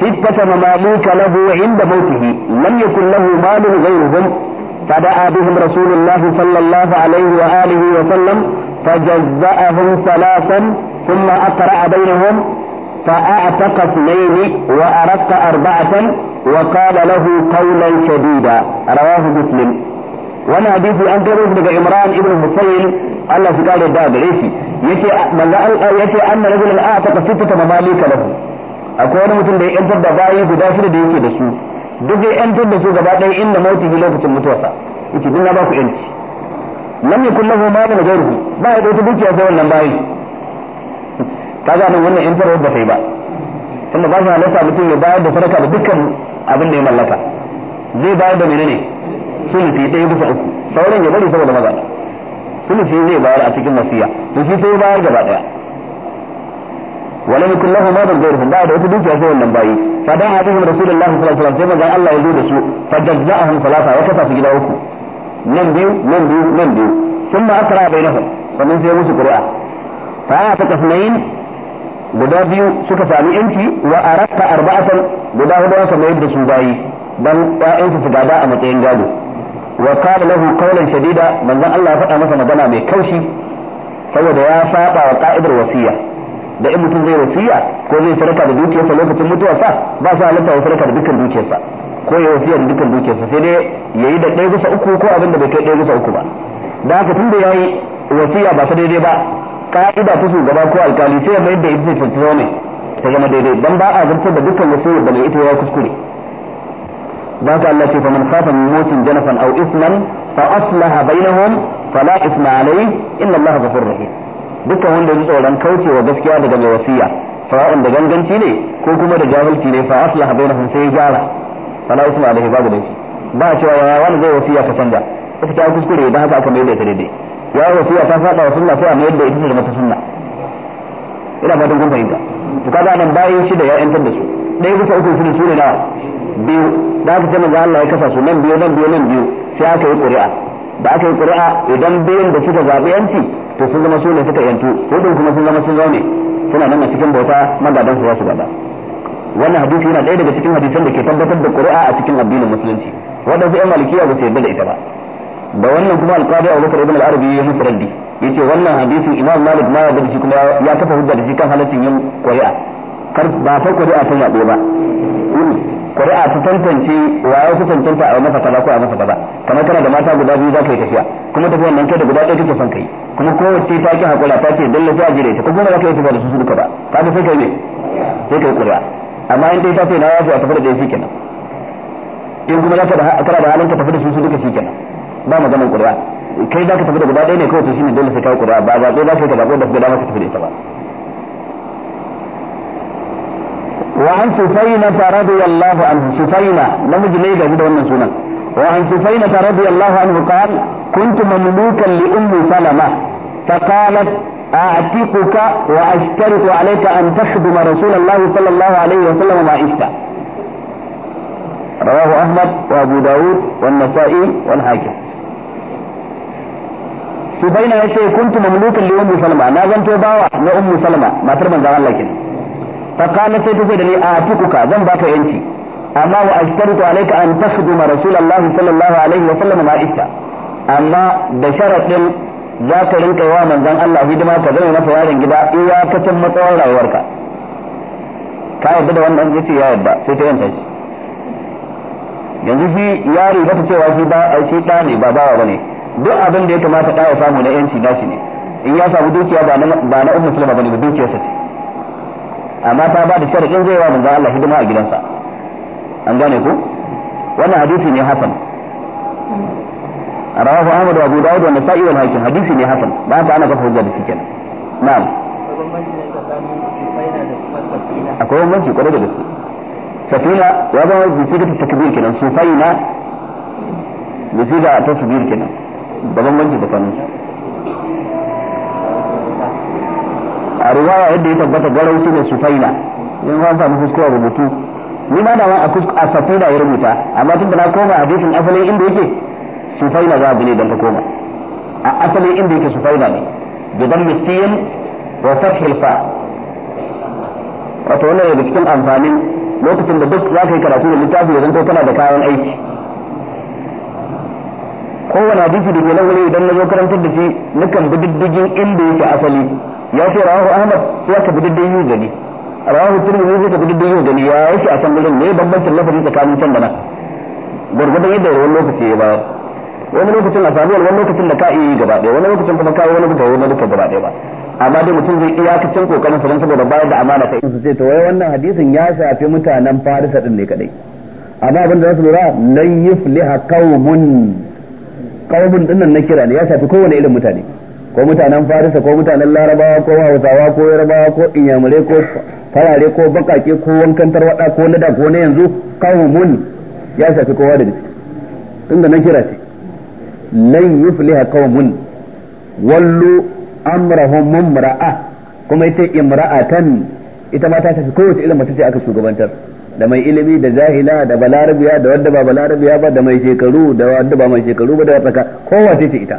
ستة مماليك له عند موته لم يكن له مال غيرهم فدعا بهم رسول الله صلى الله عليه وآله وسلم فجزأهم ثلاثا ثم أقرأ بينهم فأعتق اثنين وأرق أربعة وقال له قولا شديدا رواه مسلم وانا حديثي عن تروح لك عمران ابن حسين الله سبحانه وتعالى يتي من أن رجلا أعتق ستة مماليك له akwai wani mutum da ya yantar da bayi guda shida da yake da su duk ya yantar da su gaba ɗaya inda mauti ne lokacin mutuwarsa yace duk na ba ku yanci lam yakun lahu malun ghayruhu ba ya dauki dukiya sai wannan bayi kaga nan wannan yantar da ta yi ba tunda ba shi halatta mutum ya bayar da sadaka da dukkan abin da ya mallaka zai bayar da menene sulufi ɗaya bisa uku sauran ya bari saboda maza sulufi zai bayar a cikin masiya to shi sai bayar gaba ɗaya ولم يكن له مال غيرهم بعد أتدوك يا سوى النبائي فدعا بهم رسول الله صلى الله عليه وسلم قال الله يزول سوء فجزأهم ثلاثة وكفى في جداوكم من بيو من بيو من بيو ثم أسرع بينهم فمن في موسى قرأة فأعتق اثنين guda biyu suka sami yanci wa aratta arba'atan guda hudu aka mayar da su bayi dan ƴaƴansu su gada a matsayin gado wa qala lahu qawlan shadida manzon Allah faɗa masa magana mai kaushi saboda ya saba ka'idar da in mutum zai wasiya ko zai sadaka da dukiyarsa lokacin mutuwarsa ba su halatta ya sadaka da dukkan dukiyarsa ko ya wasiya da dukkan dukiyarsa sai dai ya yi da ɗaya bisa uku ko abin da bai kai ɗaya bisa uku ba da haka tun da ya wasiya ba ta daidai ba ka'ida ta shugaba ko alkali sai ya mayar da ita ta zama ne ta zama daidai dan ba a zartar da dukkan wasiyar da mai ita ya yi kuskure da haka Allah ce fa man khafa min musin janafan aw isman fa aslaha bainahum fala isma alayhi inna Allah ghafurur rahim dukkan wanda ya ji tsoron kaucewa gaskiya daga mai wasiya sawa'in da ganganci ne ko kuma da jahilci ne fa aslaha bainahum sai ya gyara fala isma alaihi babu laifi ba cewa ya wani zai wasiya ka canja ita ta kuskure idan haka aka mai da ta daidai ya wasiya ta saba wa sunna sai a mayar da ita da mata sunna ina fatan kun fahimta to kaga nan bayan shi da ya yantar da su ɗaya bisa uku su ne na biyu da aka ce manzo Allah ya kasa su nan biyu nan biyu nan biyu sai aka yi ƙuri'a da aka yi ƙuri'a idan biyun da suka zaɓi yanci to sun zama su ne suka yantu hudun kuma sun zama sun zaune suna nan a cikin bauta magadansu za su gaba wannan hadisi yana ɗaya daga cikin hadisan da ke tabbatar da ƙuri'a a cikin addinin musulunci waɗansu ƴan malikiya ba su yarda da ita ba da wannan kuma alƙadi a wakar ibn al-Arabi ya musu raddi yace wannan hadisin Imam Malik ma yarda da shi kuma ya kafa hujja da shi kan halaccin yin ƙuri'a kar ba ta ƙuri'a ta yaɓo ba ƙuri'a ta tantance wa ya cancanta a masa kaza ko a masa kaza kamar kana da mata guda biyu za ka yi tafiya kuma tafiyan nan kai da guda ɗaya kake son kai kuma kowace ta ki hakura ta ce dalla ta jire ta kuma za ka yi tafiya da su duka ba ka ga sai kai me sai kai ƙuri'a amma in dai ta ce na yafi a tafi da ɗaya shikenan in kuma zaka da kana da halin ka tafi da su duka shikenan ba maganar ƙuri'a kai za ka tafi da guda ɗaya ne kawai to shine dole sai kai ƙuri'a ba ba dai za ka yi ka ko da guda ma ka tafi da ita ba وعن سفينة رضي الله عنه سفينة نمج ليه ده wannan وعن سفينة رضي الله عنه قال كنت مملوكا لأم سلمة فقالت أعتقك وأشترط عليك أن تخدم رسول الله صلى الله عليه وسلم ما عشت رواه أحمد وأبو داود والنسائي والحاكم سفينة يقول كنت مملوكا لأم سلمة نازم توباوة لأم سلمة ما ترمى زمان لكن فقال سيدك لي a tukuka zan baka yanci عليك أن تخدم رسول الله صلى الله عليه وسلم ما إشت أما بشرط ذاك لنك ومن ذن الله هدما كذلك نفوار جدا إياك ثم طول رأيورك ka yadda da wannan yace ya yadda sai ta yanta shi yanzu shi ya riga ta cewa shi ba shi da ne ba bawa bane duk abin da ya kamata da ya samu na yanci shi ne in ya samu dukiya ba na ba na ummu sulma bane ba dukiyarsa ce amma ta ba da sharaɗin zai wa manzan Allah hidima a gidansa an gane ku wannan hadisi ne hasan rawahu Ahmad wa Abu Dawud wa Nasa'i wal Hakim hadisi ne hasan ba ta ana kafa hujja da shi kenan na'am akwai banci kwarai da gaske safina ya zama da ta takbir kenan sufaina bisiga ta subir kenan da bambanci tsakaninsu a ruwaya yadda ya tabbata garau shi ne sufaina in ba samu fuskowar rubutu ni ma da ma a safina ya rubuta amma tun da na koma hadisin asalin inda yake sufaina za a ne don ta koma a asalin inda yake sufaila ne gidan misiyin wa fathil fa wato wannan da cikin amfanin lokacin da duk za ka yi karatu da littafi ya zanto kana da kayan aiki kowane hadisi da ke nan wuri idan na zo karantar da shi nukan bi diddigin inda yake asali ya ce rawahu ahmad sai aka bi dai yu gani rawahu tirmidhi sai aka bi dai yu gani ya yake a can gurin ne bambancin lafazi tsakanin can da nan gurgurdan yadda wani lokaci ya bayar wani lokacin a sabuwar wani lokacin da ka iya yi gaba ɗaya wani lokacin kuma yi wani lokacin da duka gaba ɗaya ba amma dai mutum zai iyakacin kokarin sa don saboda bayar da amana ta su ce to wai wannan hadisin ya shafi mutanen farisa din ne kadai amma abin da za su lura lan yufliha qaumun qaumun dinnan na kira ne ya shafi kowane irin mutane ko mutanen farisa ko mutanen larabawa ko hausawa ko yarbawa ko inyamurai ko farare ko bakake ko wankan tarwada ko na da ko na yanzu mun ya shafi kowa da ciki inda na kira ce lan yufliha mun wallu amrahum mumra'a kuma ita imra'atan ita ma ta shafi kowace irin mace ce aka shugabantar da mai ilimi da jahila da balarabiya da wadda ba balarabiya ba da mai shekaru da wadda ba mai shekaru ba da wadda kowace ce ita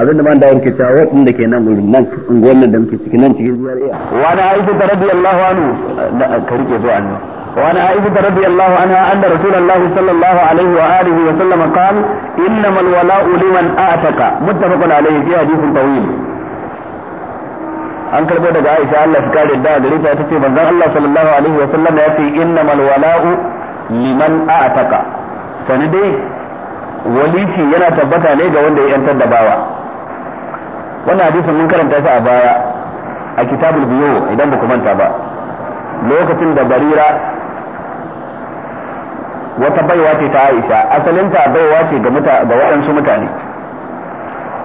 abin da ban da wanke cewa wadin da ke nan wurin nan unguwar nan da muke cikin nan cikin zuriya wa na aisha ta radiyallahu anhu ka rike zuwa ne wa na aisha ta radiyallahu anha anna rasulullahi sallallahu alaihi wa alihi wa sallama qal innamal wala'u liman ataka muttafaqun alaihi fi hadithin tawil an karbo daga aisha Allah su kare da gare ta tace manzon Allah sallallahu alaihi wa sallama yace innamal wala'u liman ataka sanidai walici yana tabbata ne ga wanda ya yantar da bawa wannan hadisin mun karanta shi a baya a kitabul biyo idan ba ku manta ba lokacin da barira wata baiwa ce ta aisha asalinta baiwa ce ga waɗansu mutane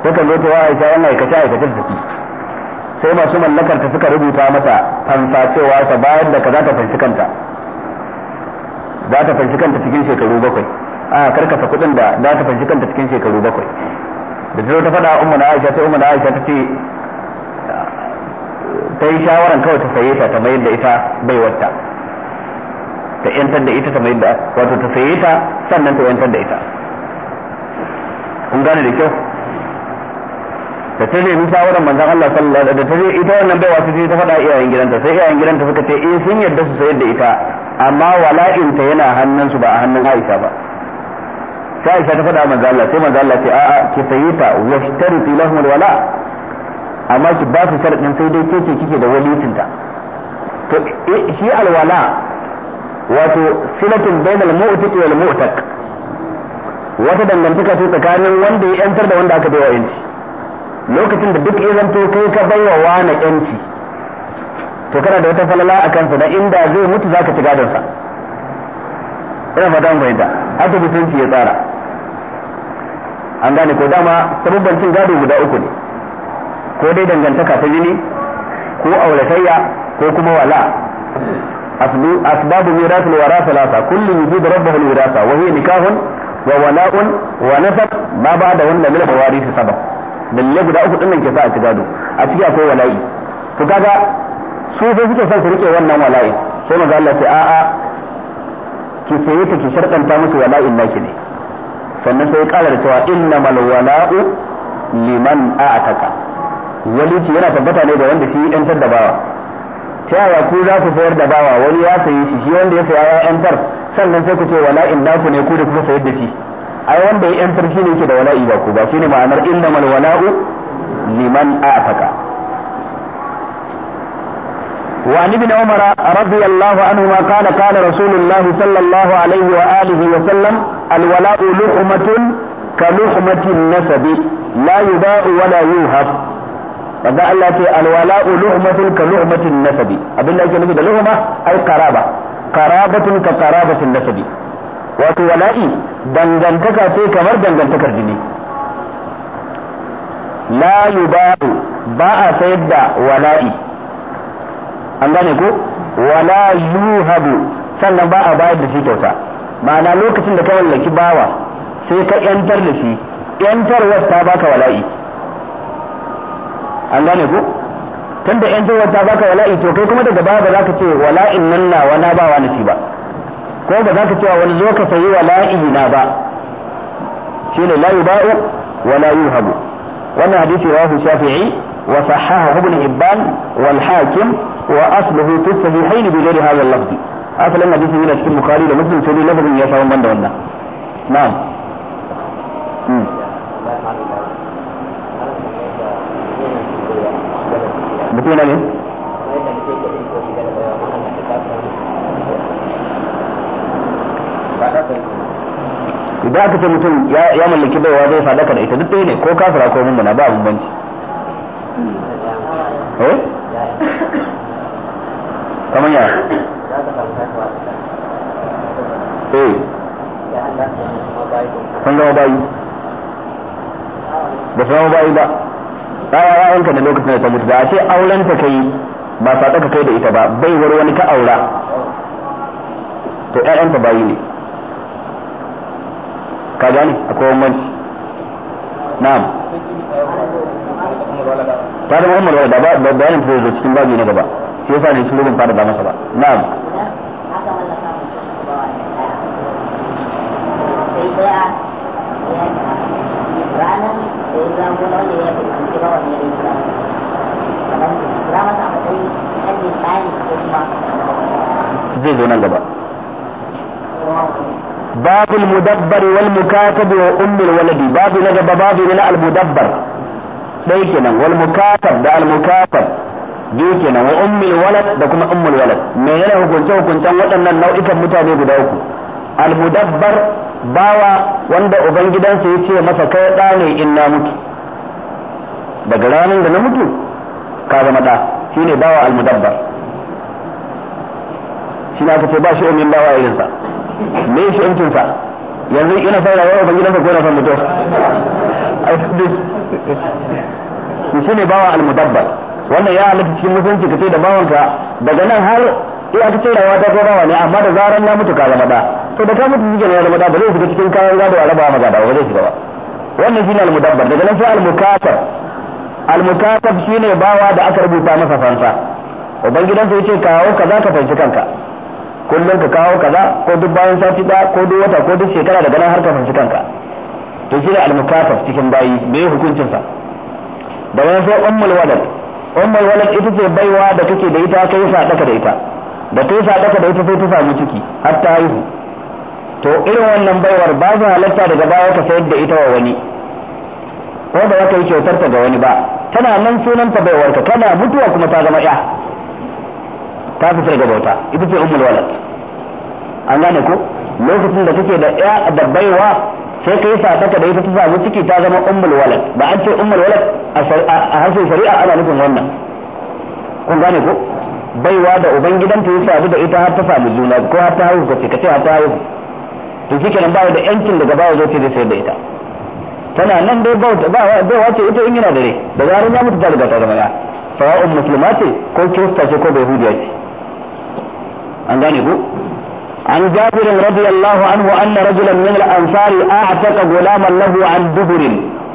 takan zo ta wa aisha yana aikace aikace ta tafi sai masu mallakar ta suka rubuta mata fansa cewa ta bayar da ka za ta fanshi kanta za ta fanshi kanta cikin shekaru bakwai a karkasa kudin da za ta fashi kanta cikin shekaru bakwai da ta ta faɗa umar na aisha sai umar na aisha ta ce ta yi shawaran kawai ta saye ta ta mayar da ita baiwarta ta yantar da ita ta mayar da wato ta saye ta sannan ta yantar da ita kun gane da kyau ta tare mu shawarar manzon Allah sallallahu alaihi da ta je ita wannan baiwa ta ce ta faɗa iyayen gidanta sai iyayen gidanta suka ce in eh, sun yarda su sayar da ita amma wala'inta yana hannunsu ba a hannun Aisha ba sai Aisha ta faɗa manzo Allah sai manzo Allah ce a'a ki sayi ta washtariti lahum alwala amma ki ba su sharadin sai dai ke ce kike da walicin ta to eh, shi alwala wato silatun bainal mu'tiq wal mu'taq wata dangantaka ce tsakanin wanda ya yantar da wanda aka bai wa yanci lokacin da duk to kai ka baiwa wani yanci to kana da wata falala a kansa da inda zai mutu zaka ci gadon sa yana bai da fahimta haka musulunci ya tsara an gane ko dama sababban cin gado guda uku ne ko dai dangantaka ta jini ko auratayya ko kuma wala asbabu mirasul wara salasa kullum yujidu rabbahu wirasa wa hiya nikahun wa wala'un wa nasab ma ba'da wanda mil fawarisi sabab lalle guda uku din nan ke sa a ci gado a ciki akwai wala'i to kaga su sai suke son su rike wannan wala'i sai manzo Allah ce a'a ki sai ta ki sharɗanta musu wala'in naki ne sannan sai ƙara da cewa innamal wala'u liman a'ataka walici yana tabbata ne da wanda shi ya da bawa ta yaya ku za ku sayar da bawa wani ya sayi shi shi wanda ya saya ya yantar sannan sai ku ce wala'in naku ne ku da kuka sayar da shi ai wanda ya yantar shi ne yake da wala'i ba ku ba shine ma'anar innamal wala'u liman a'ataka وعن ابن عمر رضي الله عنهما قال قال رسول الله صلى الله عليه وآله وسلم الولاء لحمة كلحمة النسب لا يباء ولا يوهب فقال الله الولاء لحمة كلحمة النسب أبن الله يقول لحمة أي قرابة قرابة كقرابة النسب وتولائي دنجنتك تيك مر دنجنتك الجني لا يباء باء سيد ولائي an gane ko wala yuhabu sannan ba a bayar da shi kyauta ma'ana lokacin da ka wallaki bawa sai ka yantar da shi yantarwar ta baka wala'i an gane ko tunda yantarwar ta baka wala'i to kai kuma daga baya ba za ka ce wala'in nan na wana ba wani shi ba ko ba za ka cewa wani zo ka sayi wala'i na ba shine la yuba'u wala yuhabu wannan hadisi rawahu shafi'i وصححه ابن حبان والحاكم واصله في الصحيحين بغير هذا اللفظ اصلا الحديث هنا في البخاري ومسلم سوري لفظ يا سوان بند والله نعم بتقول ايه idan aka ce mutum ya mallaki baiwa zai sadaka da ita duk ne ko kafira ko mummuna ba bambanci eh kamar ya eh bayi ba bayi ba ɗaya da lokacin da ta mutu ba a ce auren ta yi ba saɗaka kai da ita ba baiwar wani ka aura to ƴaƴanta bayi ne ka gane akwai bambanci na'am ta zama umar wadda ba bayanin ta zo cikin babu na gaba shi yasa ne shi lokacin fara ba masa ba na'am zai zo nan gaba babul mudabbar wal mukatabi wa ummul waladi babu na gaba babu na al ɗaya kenan wal mukatab da al mukatab biyu kenan wa ummul walad da kuma ummul walad me yana hukunce hukuncen waɗannan nau'ikan mutane guda uku al mudabbar bawa wanda ubangidansa ya ce masa kai ɗa ne in na mutu daga ranar da na mutu ka zama ɗa shine bawa al mudabbar shi ne aka ce ba shi umin bawa irinsa me shi umcinsa yanzu ina fara yawa ubangidansa ko na san mutuwa shi ne bawa almudabbar wannan ya halatta cikin musulunci ka ce da bawanka daga nan har iya ka ce rawa ta ko bawa ne amma da zaran ya mutu ka zama da to da ka mutu shi ya zama da ba zai shiga cikin kayan gado a rabawa maza ba zai shiga ba wannan shi ne almudabbar daga nan sai almukatab almukatab shi ne bawa da aka rubuta masa fansa ubangidansa ya ce kawo kaza ka fanshi kanka kullum ka kawo kaza ko duk bayan sati ɗaya ko duk wata ko duk shekara daga nan har ka fanshi kanka to shi ne almukafaf cikin bayi me yi hukuncin sa da wani sai ummul walad ummul walad ita ce baiwa da kake da ita kai sa daka da ita da kai sa daka da ita sai ta samu ciki har ta haihu to irin wannan baiwar ba za halatta daga baya ka sayar da ita wa wani ko ba za ka yi kyautar ta ga wani ba tana nan sunanta baiwar ka kana mutuwa kuma ta zama ya ta fitar ga bauta ita ce ummul walad an gane ko lokacin da kake da ya da baiwa sai yi safaka da ita ta samu ciki ta zama ummul walad ba an ce ummul walad a harshen shari'a ana nufin wannan kun gane ko baiwa da ubangidan ta yi sadu da ita har ta samu juna ko har ta haihu kace kace har ta haihu to shi kenan bawa da yankin daga bawa zai ce zai sayar da ita tana nan dai bauta ba baiwa ce ita in yana da da zarar ya mutu ta riga ta zama ya sawa'un musulma ce ko kirista ce ko bai hudiya ce an gane ko عن جابر رضي الله عنه أن رجلا من الأنصار أعتق غلاما له عن دبر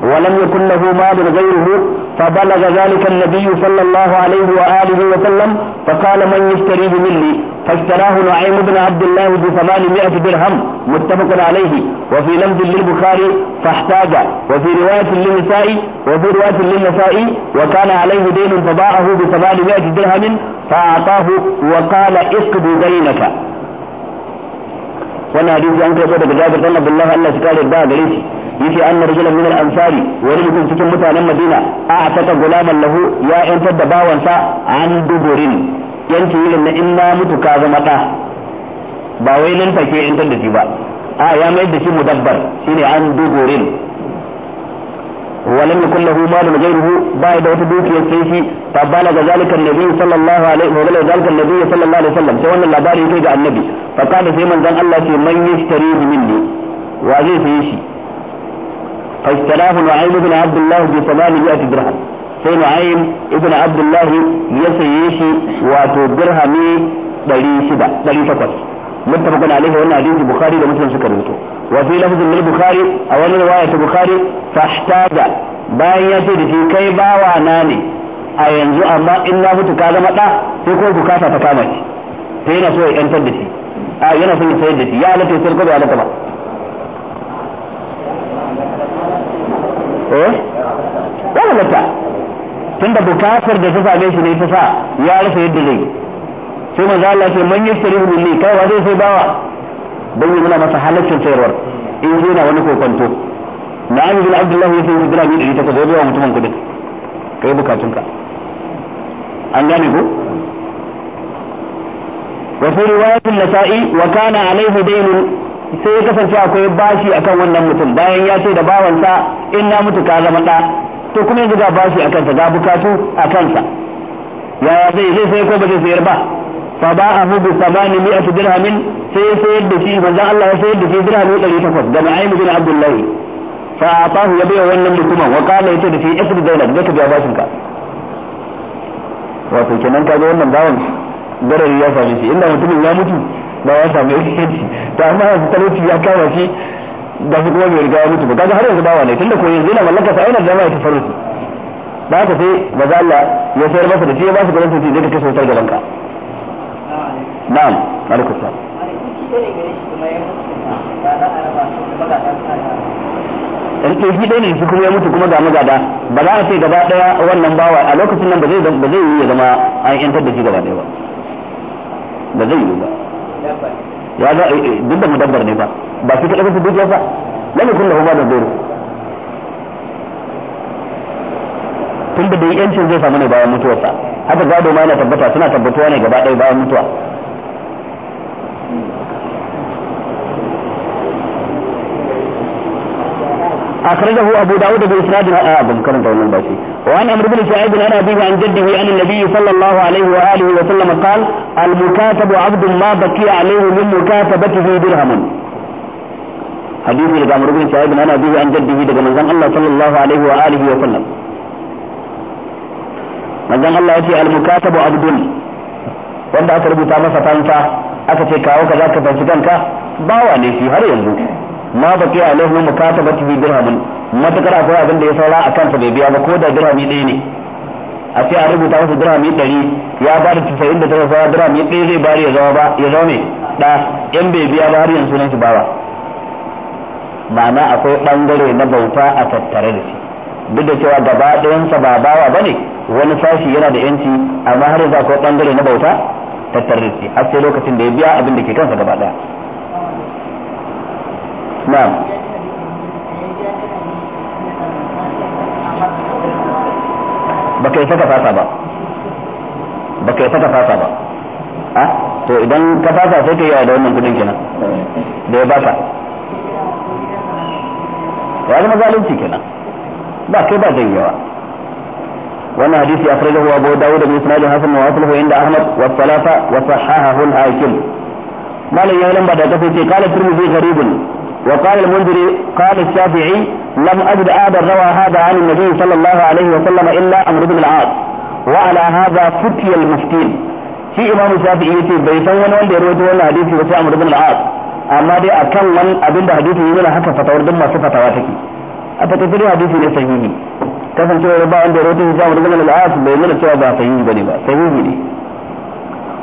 ولم يكن له مال غيره فبلغ ذلك النبي صلى الله عليه وآله وسلم فقال من يشتريه مني فاشتراه نعيم بن عبد الله بثمانمائة درهم متفق عليه وفي لفظ للبخاري فاحتاج وفي رواية للنسائي وفي رواية للنسائي وكان عليه دين فباعه بثمانمائة درهم فأعطاه وقال اقض دينك wannan hadisi an karɓo daga Jabir dan Abdullah Allah shi kare da gare shi yace anna rajulan min al-ansari wani mutum cikin mutanen Madina a ataka gulaman lahu ya yantar da bawansa an duburin yanci irin na inna mutu ka zama da ba wai nan take yantar da shi ba a ya mai da shi mudabbar shine an duburin ولم يكن له مال غيره بعد وتدوك يسيشي فبلغ ذلك النبي صلى الله عليه وبلغ ذلك النبي صلى الله عليه وسلم سوى أن الأبار يتيج النبي فقال في من ذن الله من يشتريه مني وأزي سيشي فاشتراه نعيم بن عبد الله بثمانمائة درهم sai nu'aym ibn abdullahi ya saye shi wato dirhami 600 800 muttafaqun alaihi wannan hadisi bukhari da muslim suka rubuto wa fi lafzin lil bukhari a wani riwaya ta bukhari fahtaja bayan ya ce da shi kai bawa na ne a yanzu amma in na mutu ka zama sai ko bukata ta kama sai yana so ya yantar da yana ya da shi ya ba eh? bukatar da ta same shi ne ta sa ya rasa zai sai manzo Allah ce man yashtari da li kai wa zai sai bawa dan yi nuna masa halaccin sayarwar in sai na wani kokonto na an bin abdullahi ya sayi dirham 800 zai biya mutumin kudin kai bukatunka an gane ko وفي رواية النسائي وكان عليه دين sai ya kasance akwai bashi akan wannan mutum bayan ya ce da bawansa in na mutu ka zama ɗa to kuma yanzu ga bashi a kansa ga bukatu a kansa yaya zai zai sai ko ba zai sayar ba fa ba'ahu bi sabani mi'ati dirhamin sai ya sayar da shi manzon Allah ya sayar da shi dirhami 800 ga Nu'aym bin Abdullah fa atahu ya bayar wannan mutumin wa kana yace da shi ifri dawlat da ka biya bashin ka wato kenan kaga wannan bawan darari ya same shi inda mutumin ya mutu ba ya samu yanci to amma ya da su kuma bai riga ya mutu ba kaga har yanzu bawa ne tunda ko yanzu yana mallaka sa aina jama'a ta faruki da haka sai maza Allah ya sayar masa da shi ya ba shi gwamnati zai ka kashe wutar gaban عليك السلام in ke shi ɗaya ne shi kuma ya mutu kuma ga magada ba za a ce gaba ɗaya wannan bawa a lokacin nan ba zai ba zai yi ya zama an yantar da shi gaba ɗaya ba ba zai yi ba ya ga eh, eh, duk da mudabbar ne ba ba shi kaɗai ba su dukiyarsa lam yakun lahu ba da doro tun da dai yancin zai samu ne bayan mutuwarsa haka gado ma yana tabbata suna tabbatuwa ne gaba ɗaya bayan mutuwa أخرجه أبو داود بإسناد أعظم كما قال الباشي وعن امر بن سعيد عن أبيه عن جده عن النبي صلى الله عليه وآله وسلم قال المكاتب عبد ما بقي عليه من مكاتبته درهم حديث لك امر بن سعيد عن أبيه عن جده لك من الله صلى الله عليه وآله وسلم من زم الله ce المكاتب عبد وانت اتربو تامسة rubuta masa ذاك aka باوانيسي kawo ka ma baki alaihi mukatabati bi dirhamin matakar akwai abin da ya saura a kansa bai biya ba ko da dirhami ɗaya ne a ce a rubuta masa dirhami ɗari ya ba da tasa'in da tara saura dirhami ɗaya zai bari ya zama ba ya zama mai ɗa in bai biya ba har yanzu nan shi bawa ma'ana akwai ɓangare na bauta a tattare da shi duk da cewa gaba ɗayansa ba bawa ba ne wani sashi yana da yanci amma har yanzu akwai ɓangare na bauta tattare da shi har sai lokacin da ya biya abin da ke kansa gaba ɗaya na'am baka isa ka fasa ba baka isa ka fasa ba a to idan ka fasa sai ka yi da wannan kudin kenan da ya baka ya zama zalunci kenan ba kai ba janyewa wannan hadisi akhrajahu abu dawud bin isnad hasan wa asluhu inda ahmad wa thalatha wa sahahahu al-hakim malam ya lamba da kafa ce qala tirmidhi gharibun وقال المنذري قال الشافعي لم أجد ابا روى هذا عن النبي صلى الله عليه وسلم إلا أمر بن العاص وعلى هذا فتي المفتين شيء إمام الشافعي يتي بيتاً وانا وانا يرويت وانا حديثي وسيء أمر بن العاص أما دي أكام وانا أبين ده حديثي يولا حكا فتور دم وصفة تواتكي أتكتري حديثي نسيهيني كفن شوى ربا عند يرويت وانا أمر بن العاص بيولا شوى با سيهيني بني با سيهيني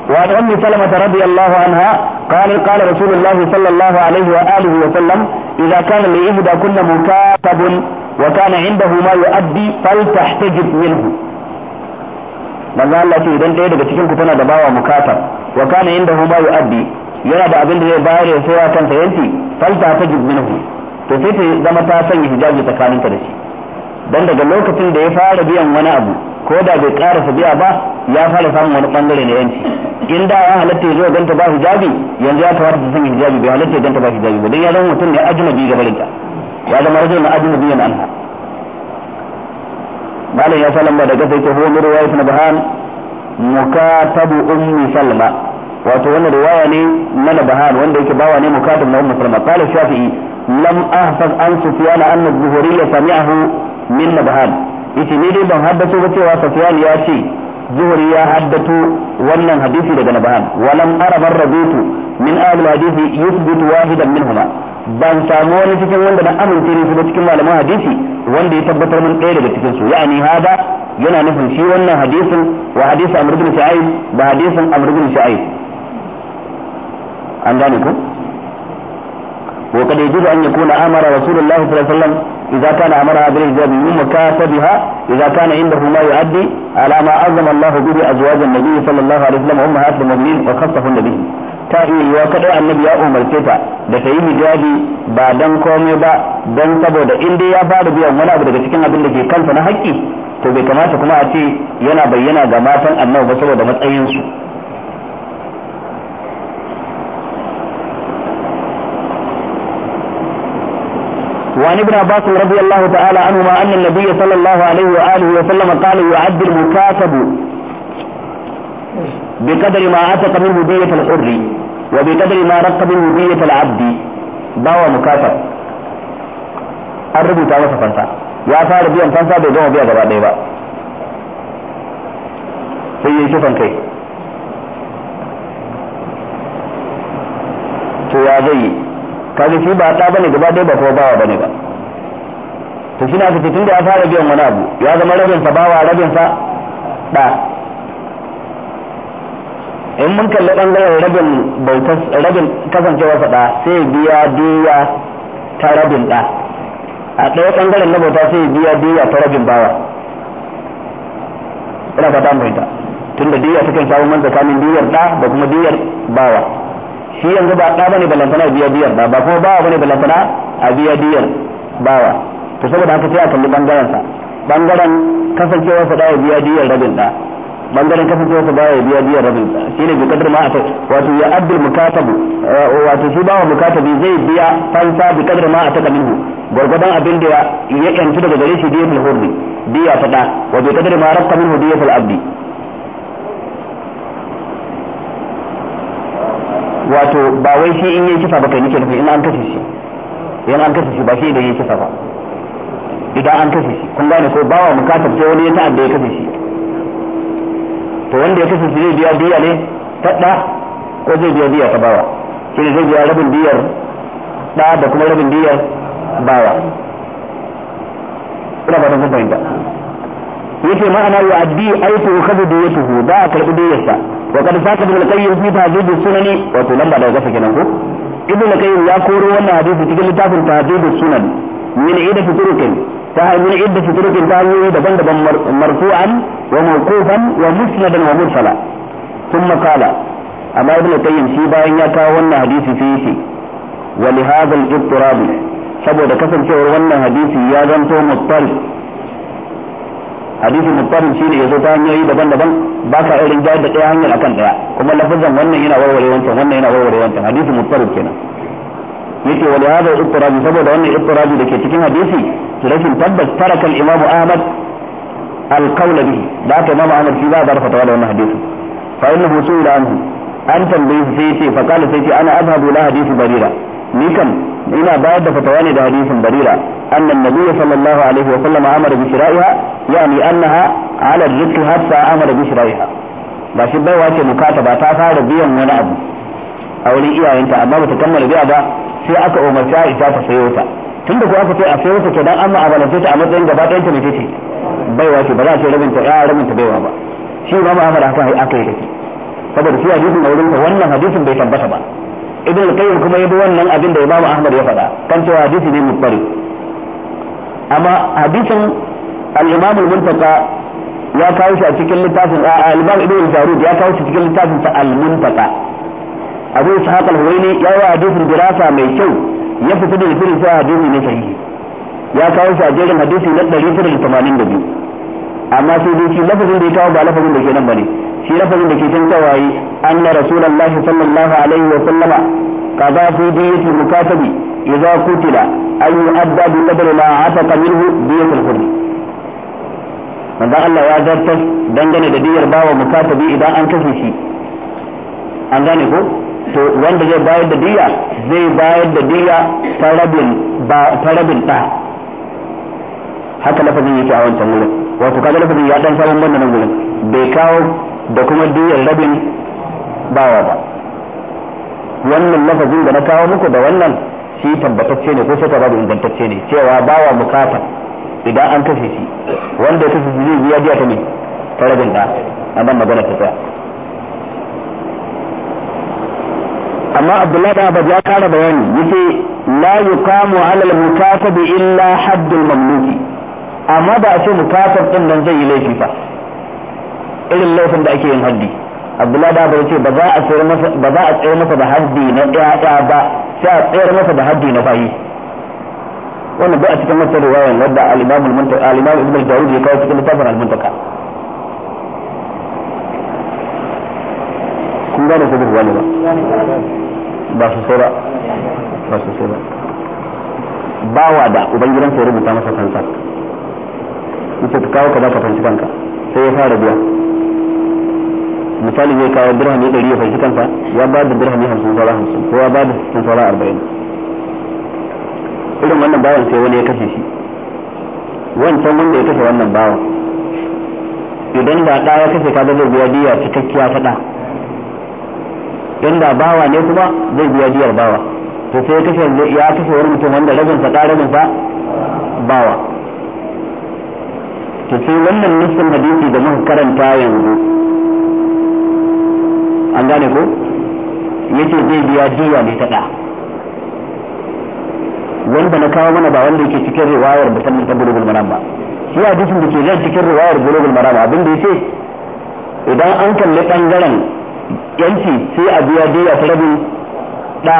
وعن أم سلمة رضي الله عنها قال قال رسول الله صلى الله عليه وآله وسلم إذا كان لإحدى كن مكاتب وكان عنده ما يؤدي فلتحتجب منه manzo Allah ce idan ɗaya daga cikin ku tana da bawa mukatab wa kana indahu ma yu'addi yana da abin da zai bayar ya soya kansa yanci falta ta minhu to sai ta zama ta sanya hijabi tsakaninta da shi dan daga lokacin da ya fara biyan wani abu ko da bai karasa biya ba ya fara samun wani bangare na yanci in da ya halatta zuwa ganta ba hijabi yanzu ya kamata ta sanya hijabi bai halatta ganta ba hijabi ba dan ya zama mutum ne ajnabi ga barinka ya zama rajul na ajnabi yan anha malam ya salama da gasa yace huwa riwayat nabahan mukatabu ummi salma wato wannan riwaya ne na nabahan wanda yake bawa ne mukatabu na ummi salma qala shafi'i lam ahfaz an sufyan anna az-zuhri sami'ahu min nabahan yace ne dai ban haddato ba cewa safwan ya ce zuhri ya haddato wannan hadisi daga nabahan walam ara barrabitu min ahli hadisi yuthbitu wahidan minhuma ban samu wani cikin wanda na amince ne su ba cikin malaman hadisi wanda ya tabbatar min ɗaya daga cikin su ya'ani hada yana nufin shi wannan hadisin wa hadisin amr ibn shu'aib da hadisin amr ibn shu'aib an gane ko wa kada yajuzu an yakuna amara rasulullahi sallallahu alaihi wasallam إذا كان أمرها بالحجاب بمكاتبها إذا كان عنده ما يؤدي على ما عظم الله به أزواج النبي صلى الله عليه وسلم أمهات المؤمنين وخصهن به ta iya yiwa kaɗai annabi ya umarce ta da ta yi hijabi ba dan komai ba dan saboda in dai ya fara biyan wani abu daga cikin abin da ke kansa na haƙƙi to bai kamata kuma a ce yana bayyana ga matan annabi ba saboda matsayinsu وعن ابن عباس رضي الله تعالى عنهما أن النبي صلى الله عليه وآله وسلم قال يعد المكاتب بقدر ما عتق منه دية الحر وبقدر ما رق منه دية العبد باوى مكاتب an rubuta masa fansa ya fara biyan fansa bai gama biya gaba ɗaya ba sai ya yi kisan kai to ya zai yi kaji shi ba ɗa bane gaba dai ba kuma bawa bane ba to shi na kace tunda ya fara biyan wani abu ya zama rabin sa bawa rabin sa ɗa in mun kalli ɓangaren rabin bautas rabin sa ɗa sai biya diya ta rabin ɗa a ɗaya garin na bauta sai biya diya ta rabin bawa ina fata mai ta tunda diya kan shawo man tsakanin diyar ɗa da kuma diyar bawa shi yanzu ba ɗa bane balantana a biya biyar ba ba kuma bawa bane balantana a biya biyar bawa to saboda haka sai a kalli bangaren sa bangaren kasancewar sa da ya biya biyar rabin da bangaren kasancewar sa da ya biya biyar rabin da shine bi kadar ma ata wato ya abdul mukatabu eh, wato shi bawa mukatabi zai biya fansa bi kadar ma ata minhu gurgurdan abin da ya yantu daga gare shi diyatul hurri diya ta da wa bi kadar ma rabta minhu diyatul abdi wato ba wai shi in yi kisa ba kai nake nufi in an kashe shi in an kashe shi ba shi idan yi kisa ba idan an kashe shi kun gane ko bawa mukatar sai wani ya ta'adda ya kashe shi to wanda ya kashe shi zai biya biya ne ta ɗa ko zai biya biya ta bawa shi ne zai biya rabin biyar ɗa da kuma rabin biyar bawa ina ba da zan fahimta yake ma'ana wa addi aitu kazu diyatuhu da a karɓi sa. وقد ساق ابن القيم في تهذيب السنن وتلم بعد ذلك نقول ابن القيم يقول ان ولا حديث في كل تافل تهذيب السنن من عدة طرق من عدة طرق تهذيب دبن دبن مرفوعا وموقوفا ومسندا ومرسلا ثم قال أما ابن القيم سيبا إن يكا ولا في فيه ولهذا الاضطراب سبب كثر شعور ولا حديث يا جنتو مضطرب hadisin muttarin shi ne ya zo ta hanyoyi daban-daban ba ka irin jayar da ɗaya hanyar akan ɗaya kuma lafazan wannan yana warware wancan wannan yana warware wancan hadisin muttarin kenan yace wa lihada ittirabi saboda wannan ittirabi da ke cikin hadisi rashin tabbas tarakal imamu ahmad alqawla bihi da aka imamu ahmad shi ba bar fatawa da wannan hadisin fa innahu su'ila anhu an tambaye sai yace fa qala sai yace ana azhabu la hadisi barira nikan kam ina bayar da fatawa ne da hadisin barira أن النبي صلى الله عليه وسلم أمر بشرائها يعني أنها على الرزق حتى أمر بشرائها ba shi baiwa ce mukataba ta fara biyan wani abu a wurin iyayenta amma bata kammala biya ba sai aka umarci Aisha ta sayo ta tunda ko aka ce a sayo ta kenan amma a balance ta a matsayin gaba ɗayan ta mace ce baiwa ce ba za a ce rabin ta ya rabin baiwa ba shi Imam Ahmad haka aka yi saboda shi hadisin da wannan hadisin bai tabbata ba ibn al-qayyim kuma yabi wannan abin da imamu ahmad ya faɗa kan cewa hadisi ne mutfari amma hadisin al-imam al muntaka ya kawo shi a cikin littafin al-imam ibn al-farud ya kawo shi cikin littafin ta al muntaka abu ishaq al-huwaini ya yi hadisin dirasa mai kyau ya fito da firin sa hadisi ne sahihi ya kawo shi a jerin hadisi na 182 amma sai dai shi lafazin da ya kawo ba lafazin da ke nan bane shi lafazin da ke cin an na rasulallah sallallahu alaihi wa sallama qada fi diyati mukatabi idza qutila an yu'adda bi qadri ma ataqa minhu diyatul hurri manzo Allah ya zartas dangane da diyar bawa mukatabi idan an kashe shi an gane ko to wanda zai bayar da diya zai bayar da diya ta rabin ba ta rabin da haka lafazin yake a wancan wurin wato kaga lafazin ya dan sabon banda nan wurin bai kawo da kuma diyar rabin bawa ba wannan lafazin da na kawo muku da wannan shi tabbatacce ne ko shaka bada ingantacce ne cewa bawa bukata idan an kashe shi wanda ya kashe shi zai biya ta ne ta rabin da a nan magana ta tsaya amma abdullahi da abad ya kara bayani yace la yuqamu ala al-mukatabi illa haddul mamluki amma ba a ce mukatab din nan zai yi laifi ba irin laifin da ake yin haddi abdullahi da bai ce ba za a tsayar masa da haddi na ɗaya ba sai a tsayar masa da haddi na bayi wannan ba a cikin wacce riwayar wadda al-imam muntaka al-imam ibn al ya kawo cikin littafin al-muntaka kun gane ko duk wani ba ba su sai ba ba su sai ba bawa da ubangidansa ya rubuta masa kansa yace ka kawo ka ka fansi kanka sai ya fara biya misali zai kawo dirhami ɗari ya fanshi kansa ya ba da dirhami hamsin saura hamsin ko ya ba da sittin saura arba'in irin wannan bawan sai wani ya kashe shi wancan wanda ya kashe wannan bawan idan da ɗaya ya kashe kaga zai biya diya cikakkiya ta ɗa inda bawa ne kuma zai biya diyar bawa to sai ya kashe ya kashe wani mutum wanda rabinsa ɗa rabinsa bawa to sai wannan nufin hadisi da muka karanta yanzu an gane ko yace zai biya diya ne ta da wanda na kawo mana ba wanda yake cikin riwayar musamman ta bulugul maram ba shi hadisin da ke zai cikin riwayar bulugul maram abin da yace idan an kalli bangaren yanci sai a biya diya ta rabin da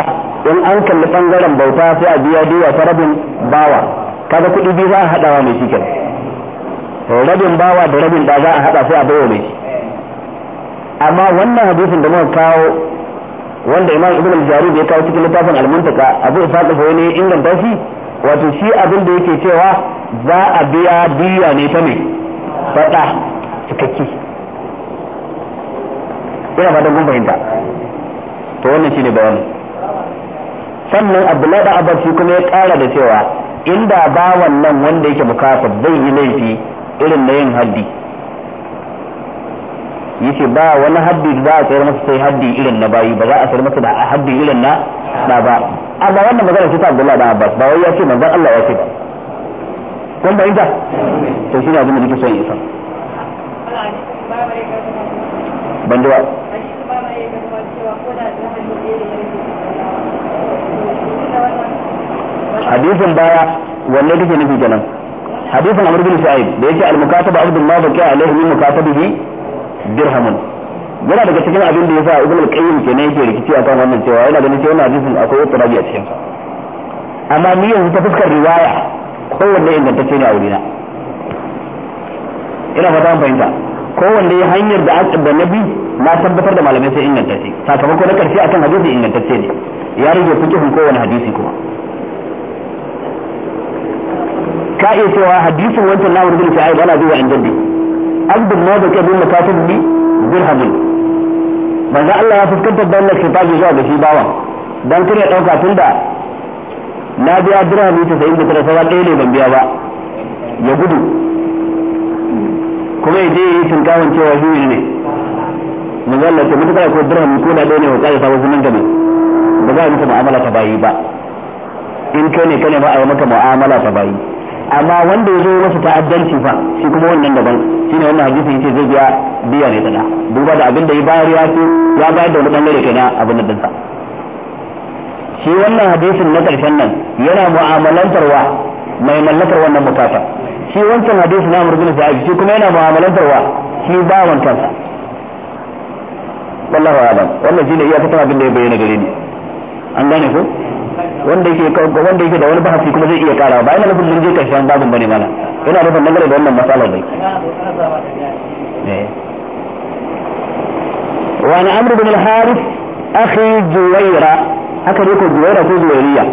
in an kalli bangaren bauta sai a biya diya ta rabin bawa kaga kuɗi biyu za a haɗawa mai shi kenan rabin bawa da rabin da za a haɗa sai a baiwa mai shi amma wannan hadisin da muka kawo wanda imam ibn al-jarir ya kawo cikin littafin al-muntaka abu isaq fa ne inganta shi wato shi abin da yake cewa za a biya diya ne ta ne fada cikakke ina da kun fahimta to wannan shine bayani sannan abdullahi da abbas shi kuma ya kara da cewa inda ba wannan wanda yake mukafa zai yi laifi irin na yin haddi yace ba wani haddi da za a tsayar masa sai haddi irin na bayi ba za a tsayar masa da haddi irin na da ba amma wannan magana ce ta Abdullah da Abbas ba wai ya ce manzon Allah ya ce ba kun bayyana to shi ne abin da nake son isa ban da hadisin baya wanne kake nufi kenan hadisin Amr bin Sa'id da yake al-mukataba abdul ma baqiya alaihi min mukatabihi dirhamun yana daga cikin abin da yasa ibn al-qayyim ne yake rikici akan wannan cewa yana ganin cewa wannan hadisin akwai ittirabi a cikin sa amma ni yanzu ta fuskar riwaya kowanne ingantacce ne a wurina ina fata an fahimta kowanne hanyar da aka da nabi na tabbatar da malamai sai ingantacce sakamako na karshe akan hadisi ingantacce ne ya rage fikihun kowanne hadisi kuma ka iya cewa hadisin wancan na wurin sai ai ana zuwa in jaddi abdul malik ibn makatib bi dirhamin manzo Allah ya fuskantar da allah wannan kitabi zuwa ga shi bawan dan kare dauka tunda na biya dirhami 99 sai da ɗaya ne ban biya ba ya gudu kuma ya je yi shinkawan cewa shi ne manzo Allah ce mutakar ko dirhami ko na ɗaya ne wa kai sabon sunan gaba ba za a mutu mu'amala ta bayi ba in kai ne ne ba a yi maka mu'amala ta bayi amma wanda ya zo masa ta'addanci fa shi kuma wannan daban shine wannan hadisi yace zai biya biya ne kana duba da abin da ya bayar ya fi ya bayar da wani bangare kana abin da dinsa shi wannan hadisin na karshen nan yana mu'amalantarwa mai mallakar wannan bukata shi wancan hadisin na murgina sai shi kuma yana mu'amalantarwa shi bawan kansa wallahu a'lam wannan shine iya fitar abin da ya bayyana gare ni an gane ko wanda yake wanda yake da wani bahasi kuma zai iya karawa ba ina nufin mun je karshen babin bane mana ina nufin dangane da wannan matsalar ne amru bin بن الحارث أخي جويرة haka ne ko juwaira ko juwairiya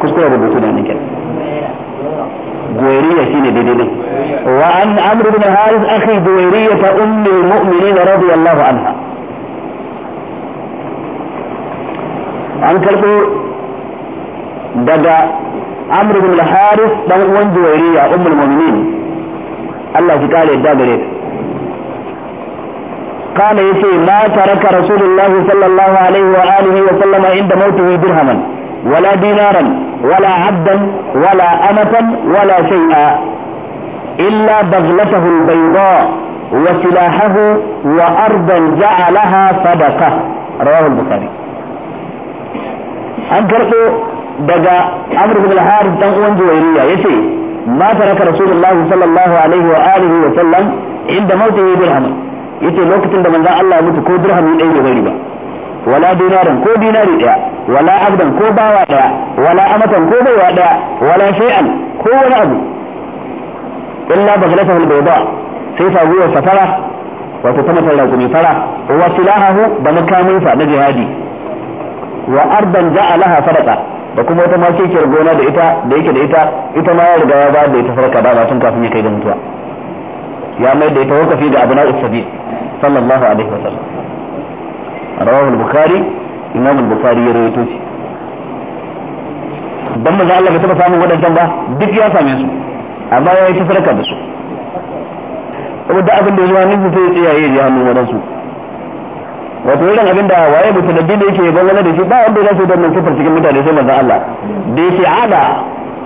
kuskure rubutu da nake juwairiya shine daidai din wa an bin ibn harith akhi juwairiya ta ummul mu'minin radiyallahu anha an karɓo daga amr ibn al-haris dan uwan juwayriya ummul mu'minin Allah shi kare yadda gare kana yace ma taraka rasulullahi sallallahu alaihi wa alihi wa sallama inda mautihi dirhaman wala dinaran wala abdan wala amatan wala shay'a illa baghlatahu al-bayda wa silahahu wa ardan ja'alaha sadaqa rawahu al-bukhari an karɓo daga amr ibn al-harith dan uwan juwayriya yace ma taraka rasulullah sallallahu alaihi wa alihi wa sallam inda mautihi dirham yace lokacin da manzon Allah ya mutu ko dirhami ɗaya bai bari ba wala dinaran ko dinari ɗaya wala abdan ko bawa ɗaya wala amatan ko baiwa ɗaya wala shay'an ko wani abu illa baghlatahu al-bayda sai faguwar safara wato ta matar raƙumi fara wa silahahu da sa na jihadi wa ardan ja'alaha sadaqa da kuma wata makekiyar gona da ita da yake da ita ita ma ya riga ya ba da ita sarka da tun kafin ya kai ga mutuwa ya mai da ita wakafi da abu na usabi sallallahu alaihi wasallam rawahu bukhari imam al-bukhari ya rawaito shi dan manzo Allah bai taba samun wadannan ba duk ya same su amma ya yi ta da su da abin da ya zama nufin sai ya tsaya ya ji hannun wadansu wato irin abin da waye musulmi da yake yabon wani da shi ba wanda ya su wannan sifar cikin mutane sai manzon Allah da yake ala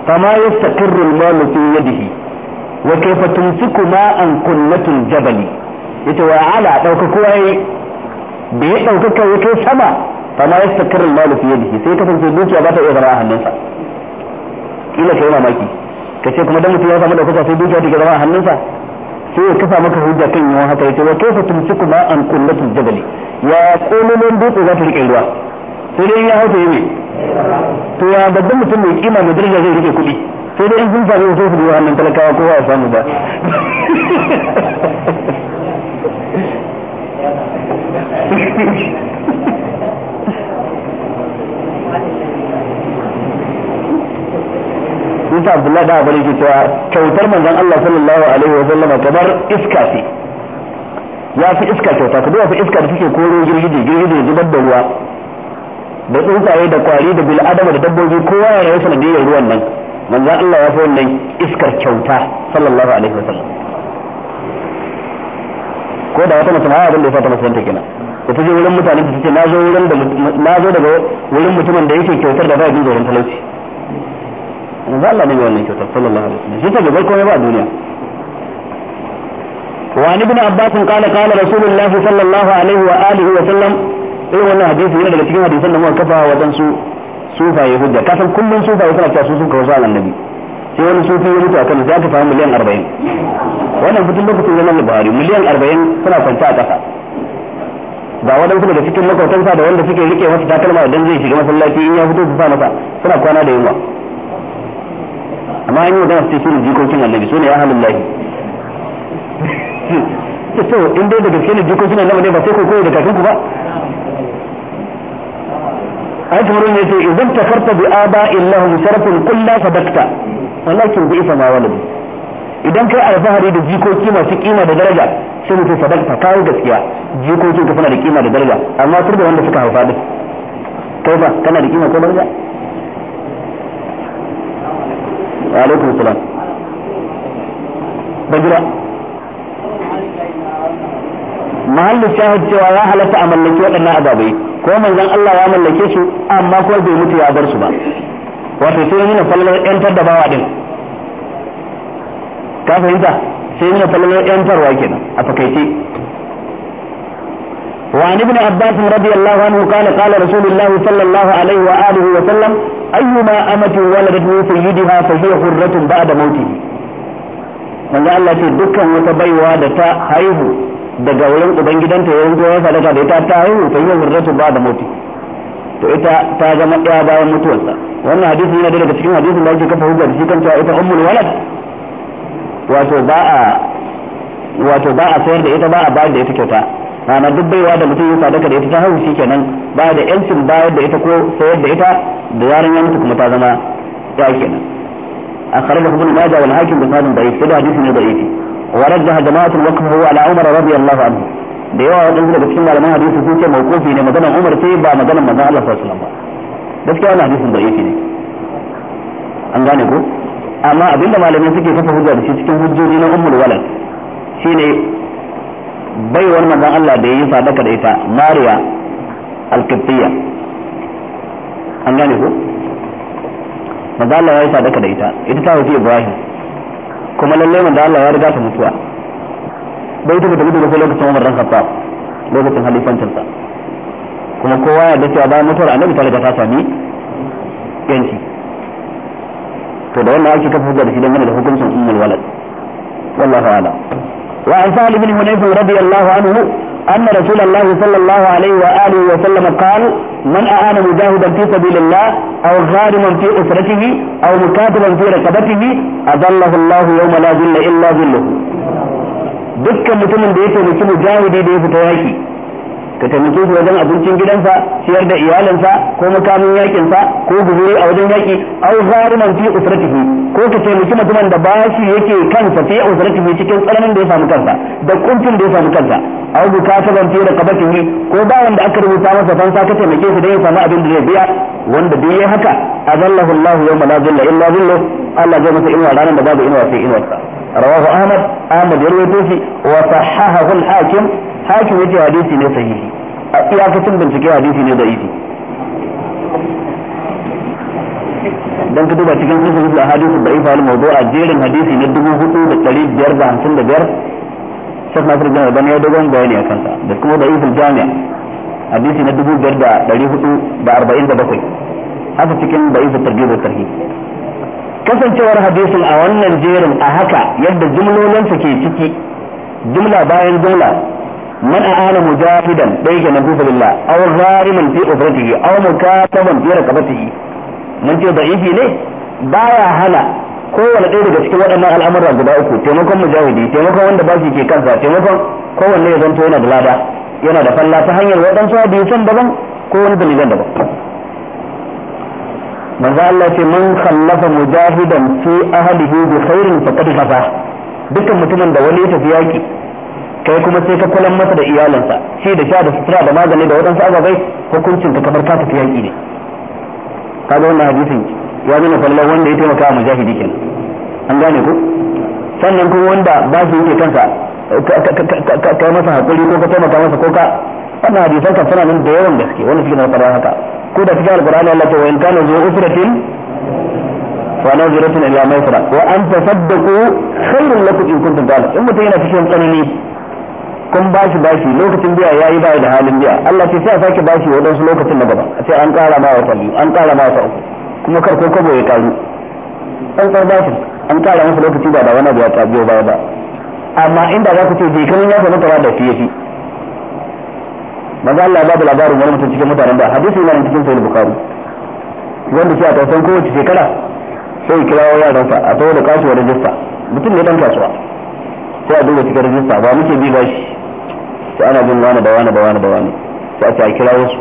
fama yastaqirru al-mal fi yadihi wa kayfa tumsiku ma an kullatul jabali yace wa ala dauka kowa yayi da ya dauka kai kai sama fama yastaqirru al-mal fi yadihi sai kasance dukiya ba ta iya zama a hannunsa kila kai mamaki kace kuma dan mutum ya samu dauka sai dukiya take zama a hannunsa sai ya kafa maka hujja kan yawan haka yace wa kayfa tumsiku ma an kullatul jabali wa kololon dutse za ta rike ruwa sai dai in ya hauta yi to ya babban mutum mai kima da daraja zai rike kuɗi sai dai in sun sami wasu su biyu hannun talakawa ko ya samu ba Isa Abdullahi da abin yake cewa kyautar manzon Allah sallallahu alaihi wa sallama kamar iska ce ya fi iska kyauta ka duba fi iska da take koro girgije girgije zubar da ruwa da tsuntsaye da kwari da bil adama da dabbobi kowa ya rayu sanadiyar ruwan nan manzo Allah ya fi wannan iskar kyauta sallallahu alaihi wasallam ko da wata mutum haya abin da ya sa ta musulunta kenan da ta je wurin mutane da ce na zo wurin da daga wurin mutumin da yake kyautar da ba jin tsoron talauci manzo Allah ne mai wannan kyautar sallallahu alaihi wasallam shi ta gabar komai ba a duniya وعن ابن عباس قال قال رسول الله صلى الله عليه واله وسلم اي والله حديث yana daga cikin hadisan da muka kafa wajen يهدى sufaye كل من san kullun sufaye suna cewa على النبي kawo sa annabi sai wani sufi ya mutu akan sai aka samu miliyan 40 wannan fitin lokacin zaman Buhari miliyan 40 suna kwanta a ƙasa ga waɗansu daga cikin makwautansa da wanda suke rike masa takalma idan zai shiga masallaci in ya fito su sa masa suna kwana da yunwa amma in yi magana su ce su ne jikokin annabi su ne ya halin lahi Hmm. to in dai da gaske ne jikokin annabi ne ba sai ku koyi da kakinku ba a ne idan kai alfahari da jikoki masu kima da daraja sai mutum sadakta kawo gaskiya jikokin ka suna da kima da daraja amma wanda suka haifa din kai ba kana da kima ko daraja wa alaikum salam bajira mahallin shahid cewa ya halatta a mallaki waɗannan ababai ko manzon Allah ya mallake su amma ko bai mutu ya bar su ba wato sai nuna fallar yantar da bawa din ka fahimta sai nuna fallar yantarwa kenan a fakaice وعن ابن عباس رضي الله عنه قال قال رسول الله صلى الله عليه وآله وسلم أيما أمة ولدت سيدها فهي حرة بعد موته من الله ce dukkan wata baiwa daga wurin ubangidanta ya rubuta wani sadaka da ita ta haihu ta yi wa murdatu ba da mutu to ita ta zama ɗaya bayan mutuwarsa wannan hadisi yana daga cikin hadisin da ake kafa hujja da shi kan cewa ita ummul walad wato ba a wato ba a sayar da ita ba a bayar da ita kyauta ma'ana duk baiwa da mutum ya sadaka da ita ta haihu shikenan ba da yancin bayar da ita ko sayar da ita da yaran ya mutu kuma ta zama ya kenan a kharaba ibn majah wal hakim bi sanad da'if sai da hadisi ne da'ifi ورجح جماعة وقفه على عمر رضي الله عنه da yawa waɗansu da cikin malaman hadisi sun ce mawqufi ne maganar Umar ce ba maganar manzon Allah sallallahu alaihi wasallam ba gaskiya wannan hadisin ne an gane ko amma abinda malamai suke kafa hujja da shi cikin hujjoji na ummul walad shine baiwar manzon Allah da yayi sadaka da ita Mariya al-Qibtiyya an gane ko manzon Allah ya yi sadaka da ita ita ta haifi Ibrahim kuma lalle manzo Allah ya riga ta mutuwa bai ta mutu da lokacin Umar ran Khattab lokacin halifancin sa kuma kowa ya da cewa bayan mutuwar Annabi ta riga ta sami yanci to da wannan ake kafa hujja da shi dangane da hukuncin ummul walad wallahi ala wa an sa'al ibn hunayf radiyallahu anhu أن رسول الله صلى الله عليه وآله وسلم قال من أعان مجاهدا في سبيل الله أو غارما في أسرته أو مكاتبا في ركبته أذله الله يوم لا ذل إلا ذله dukkan mutumin da ya taimaki mujahidi da ya fita yaki ka taimake shi wajen abincin gidansa ciyar da iyalinsa ko makamin yaƙinsa ko guzuri a wajen yaki au zariman fi usratihi ko ka taimaki mutumin da bashi yake kansa fi usratihi cikin tsananin da ya samu kansa da kuncin da ya samu kansa aw bu kasaban fi raqabatihi ko ba wanda aka rubuta masa fansa ka taimake shi da ya samu abin da zai biya wanda bai yi haka azallahu Allah yawma la zilla illa zilluh Allah zai masa inuwa ranar da babu inuwa sai inuwarsa rawahu Ahmad Ahmad ya rawaito shi wa sahahahu al-Hakim Hakim yace hadisi ne sahihi a iyakacin bincike hadisi ne da'ifi dan ka duba cikin sifatu da ifa al a jerin hadisi na 4555 Sheikh Nasir bin ne ya dogon bayani a kansa da kuma da'if al jami'a hadisi na bakwai haka cikin da ifa tarjib da tarhib kasancewar hadisin a wannan jerin a haka yadda jumlolinsa ke ciki jumla bayan jumla من أعان مجاهدا بين نبوذ الله أو غارما في أسرته أو مكاتبا في رقبته mun ce da'ifi ne baya hana kowane ɗaya daga cikin waɗannan al'amura guda uku taimakon mujahidi taimakon wanda bashi ke kansa taimakon kowanne ya zanto yana da lada yana da falla ta hanyar waɗansu hadisan daban ko wani dalilan daban manzo Allah ce man khallafa mujahidan fi ahlihi bi khairin faqad fafa dukkan mutumin da wani ya tafi yaki kai kuma sai ka kulan masa da iyalansa shi da sha da sutura da magani da waɗansu ababai hukuncin ka kamar ka tafi yaki ne kaga wannan hadisin ya nuna fallar wanda ya taimaka jahidi kenan an gane ku sannan kuma wanda ba shi yake kansa kai masa hakuri ko ka taimaka masa ko ka wannan hadisan ka suna nan da yawan gaske wanda suke na fara haka ko da cikin alqur'ani Allah ce wa in kana zuwa ufratin wa naziratun ila maisara wa an tasaddaqu khairun lakum in kuntum ta'lamun in mutum yana cikin tsanani kun bashi bashi lokacin biya ya yi baya da halin biya Allah ce sai a sake bashi su lokacin na gaba sai an kara ma wata biyu an kara ma wata uku kuma kar ko kobo ya karu an ƙar bashi an kara masa lokaci ba da wani da ya ta biyo baya ba amma inda za ku ce je kan ya samu tara da fiye fi maza Allah ya da labarin wani mutum cikin mutanen da hadisi yana cikin sai bukhari wanda sai a tausan kowace shekara sai kirawo yaransa a tawo da kasuwa rajista mutum ne dan kasuwa sai a duba cikin rajista ba muke bi bashi sai ana bin wani da wani da wani da wani sai a ce a kira wasu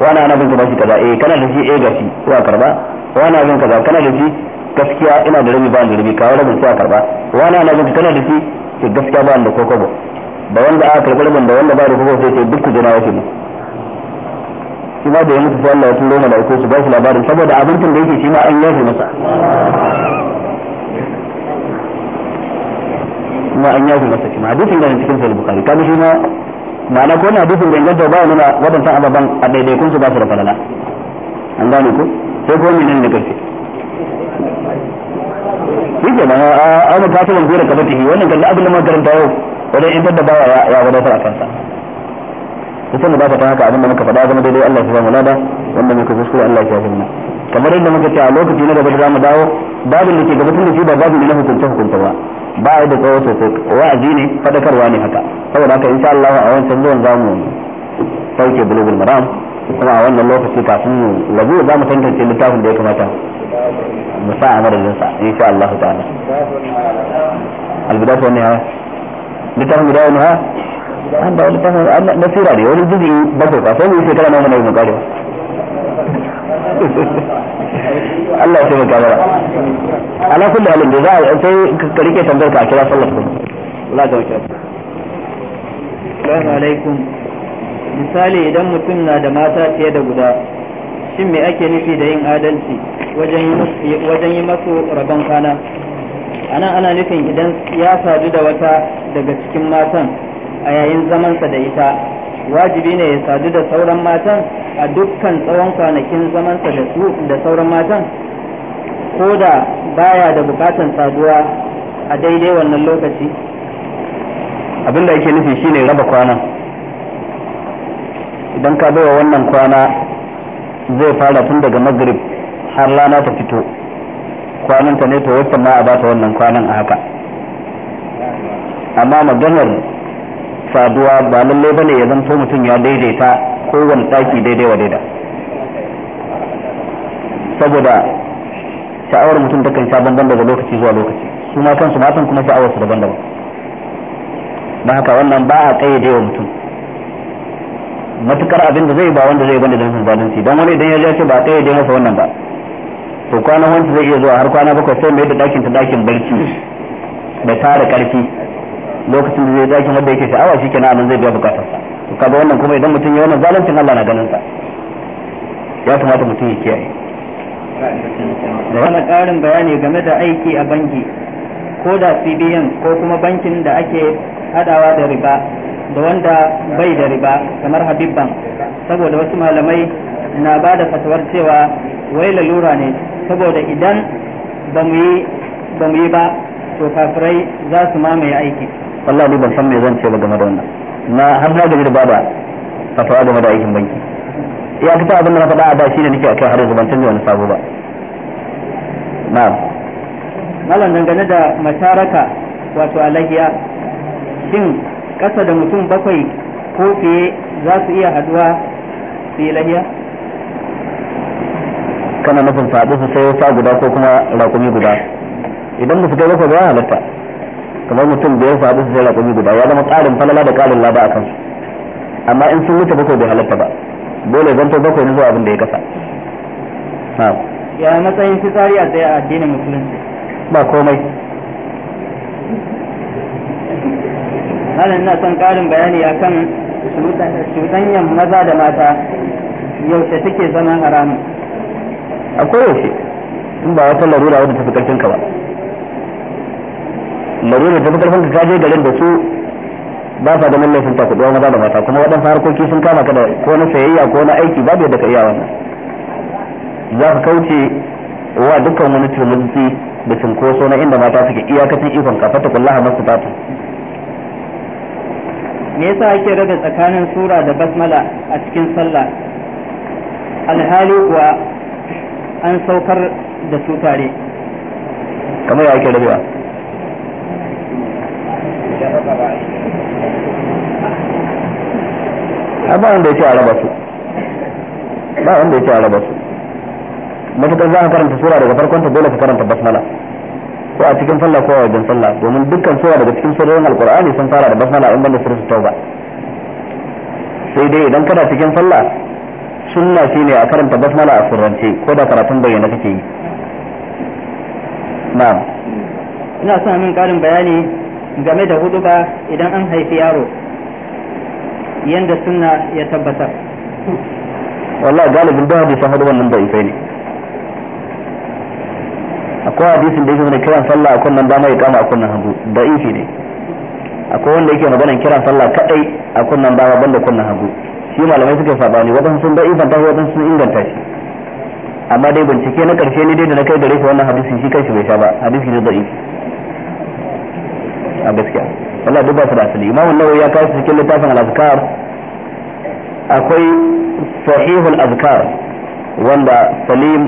wani ana bin ka bashi kaza eh kana da shi eh gashi sai a karba wani ana bin kaza kana da shi gaskiya ina da rabi ba da rabi kawo rabin sai a karba wani ana bin kana da shi sai gaskiya ba da kokobo da wanda aka karbi rabin da wanda ba da kokobo sai ce duk ku jina wasu ne shi ma da ya mutu sai Allah ya da mala'iku su ba shi labarin saboda abincin da yake shi ma an yafe masa kuma an yahu masa kima hadisin ganin cikin sahih bukhari kaga shi ma ma'ana ko na hadisin ganin da ba nuna wadannan ababan a daidai kun su ba su da falala an gane ko sai ko ne nan da karshe shi ke nan a an ka ta lambira ka bata wannan kalli abin da muka karanta yau wannan in da bawa ya ya wadatar a kansa kusan da ta haka abin da muka faɗa zama daidai Allah ya ba mu lada wanda muka kuskure Allah ya shafe mu kamar yadda muka ce a lokaci na gaba da zamu dawo babin da ke gabatar da shi ba babin na hukunce hukunce ba ba ya da tsawo sosai wa'azi ne fadakarwa ne haka saboda haka insha Allah a wancan zuwan zamu sauke bulugul maram kuma a wannan lokaci kafin mu labu za mu tantance littafin da ya kamata mu sa a madadin sa insha Allah ta'ala albidatu wani ha littafin guda wani ha an da littafin na sira ne wani juzi bakwai ba sai mu yi shekara nawa ne mu kare Allah ya taimaka mana ala kulli halin da za a sai ka rike tambayar ka a kira sallar ku Allah ga Assalamu alaikum misali idan mutum na da mata fiye da guda shin me ake nufi da yin adalci wajen yi masu rabon kwana anan ana nufin idan ya sadu da wata daga cikin matan a yayin zamansa da ita wajibi ne ya sadu da sauran matan a dukkan tsawon kwanakin zamansa da su da sauran matan ko da baya da bukatan saduwa a daidai wannan lokaci abin da ake nufi shine raba kwana idan ka baiwa wannan kwana zai fara tun daga magrib har rana ta fito kwananta ne to wacce ma a bata wannan kwanan a haka amma maganar saduwa ba lallai bane ya zanto mutum ya daidaita kowane daki daidai wa daida saboda sha'awar mutum takan sha banban daga lokaci zuwa lokaci su ma kansu matan kuma sha'awar su daban daban don haka wannan ba a kayyade wa mutum matukar abin da zai ba wanda zai bane da nufin zalunci don wani idan ya ce ba a kayyade masa wannan ba to kwana wancan zai iya zuwa har kwana bakwai sai mai da dakin ta dakin barci da tara karfi lokacin da zai dakin wanda yake sha'awa shi kenan nan zai biya bukatarsa to kaga wannan kuma idan mutum ya wannan zaluncin Allah na ganin sa ya kamata mutum ya kiyaye wani ƙarin bayani game da aiki a banki ko da cbn ko kuma bankin da ake hadawa da riba da wanda bai da riba kamar habib bank saboda wasu malamai na ba da fatawar cewa wai lalura ne saboda idan ba mu yi ba to kafirai za su mamaye aiki wallahi ban san me zan ce ba game da wannan na har na gari da baba fatawa game da aikin banki ya fita abin da na faɗa a da shi ne nake kai har yanzu ban canza wani sabo ba na'am malam dangane da masharaka wato alahiya shin ƙasa da mutum bakwai ko fiye za su iya haduwa su yi lahiya kana nufin saɓi su sayo sa guda ko kuma rakumi guda idan musu kai bakwai ba halatta kamar mutum biyar saɓi su sayo rakumi guda ya zama ƙarin falala da ƙarin lada a kansu amma in sun wuce bakwai bai halatta ba dole zanto bakwai na zuwa abin da ya kasa ya matsayin fitsari a tsaye a addinin musulunci ba komai halin na son karin bayani akan cutanyan maza da mata yaushe take zama haramun a koyaushe in ba wata larura wadda tafi karfinka ba larura tafi karfinka ka je garin da su ba sa ganin laifin ta kuɗi maza da mata kuma waɗansu harkoki sun kama ka da ko na sayayya ko na aiki babu da ka iya wannan za ka kauce wa dukkan wani turmutsi da cinkoso na inda mata suke iyakacin ikon ka fata kullaha masu tatu me yasa ake rabe tsakanin sura da basmala a cikin sallah alhali kuwa an saukar da su tare kamar ya ake rabewa har ba wanda ya ce a raba su ba wanda ya ce a raba su matukar za a karanta sura daga farkon ta dole ka karanta basmala ko a cikin sallah ko a wajen sallah domin dukkan sura daga cikin surorin alkur'ani sun fara da basmala in banda suratul tauba sai dai idan kana cikin sallah sunna shine a karanta basmala a surrance ko da karatun bayyana kake yi na'am ina son min karin bayani game da huduba idan an haifi yaro yanda sunna ya tabbatar wallahi galibin da hadisi hadu wannan da ne akwai hadisin da yake mana kiran sallah a kunnan dama ya kama a kunnan hagu da ifi ne akwai wanda yake magana kiran sallah kadai a kunnan dama banda kunnan hagu shi malamai suka sabani wadansu sun da ifanta shi sun inganta shi amma dai bincike na karshe ne dai da na kai gare shi wannan hadisin shi kanshi bai sha ba hadisi ne da ifi a gaskiya wallahi duk ba su da asali imamu nawawi ya kawo cikin littafin al-azkar akwai sahihul azkar wanda salim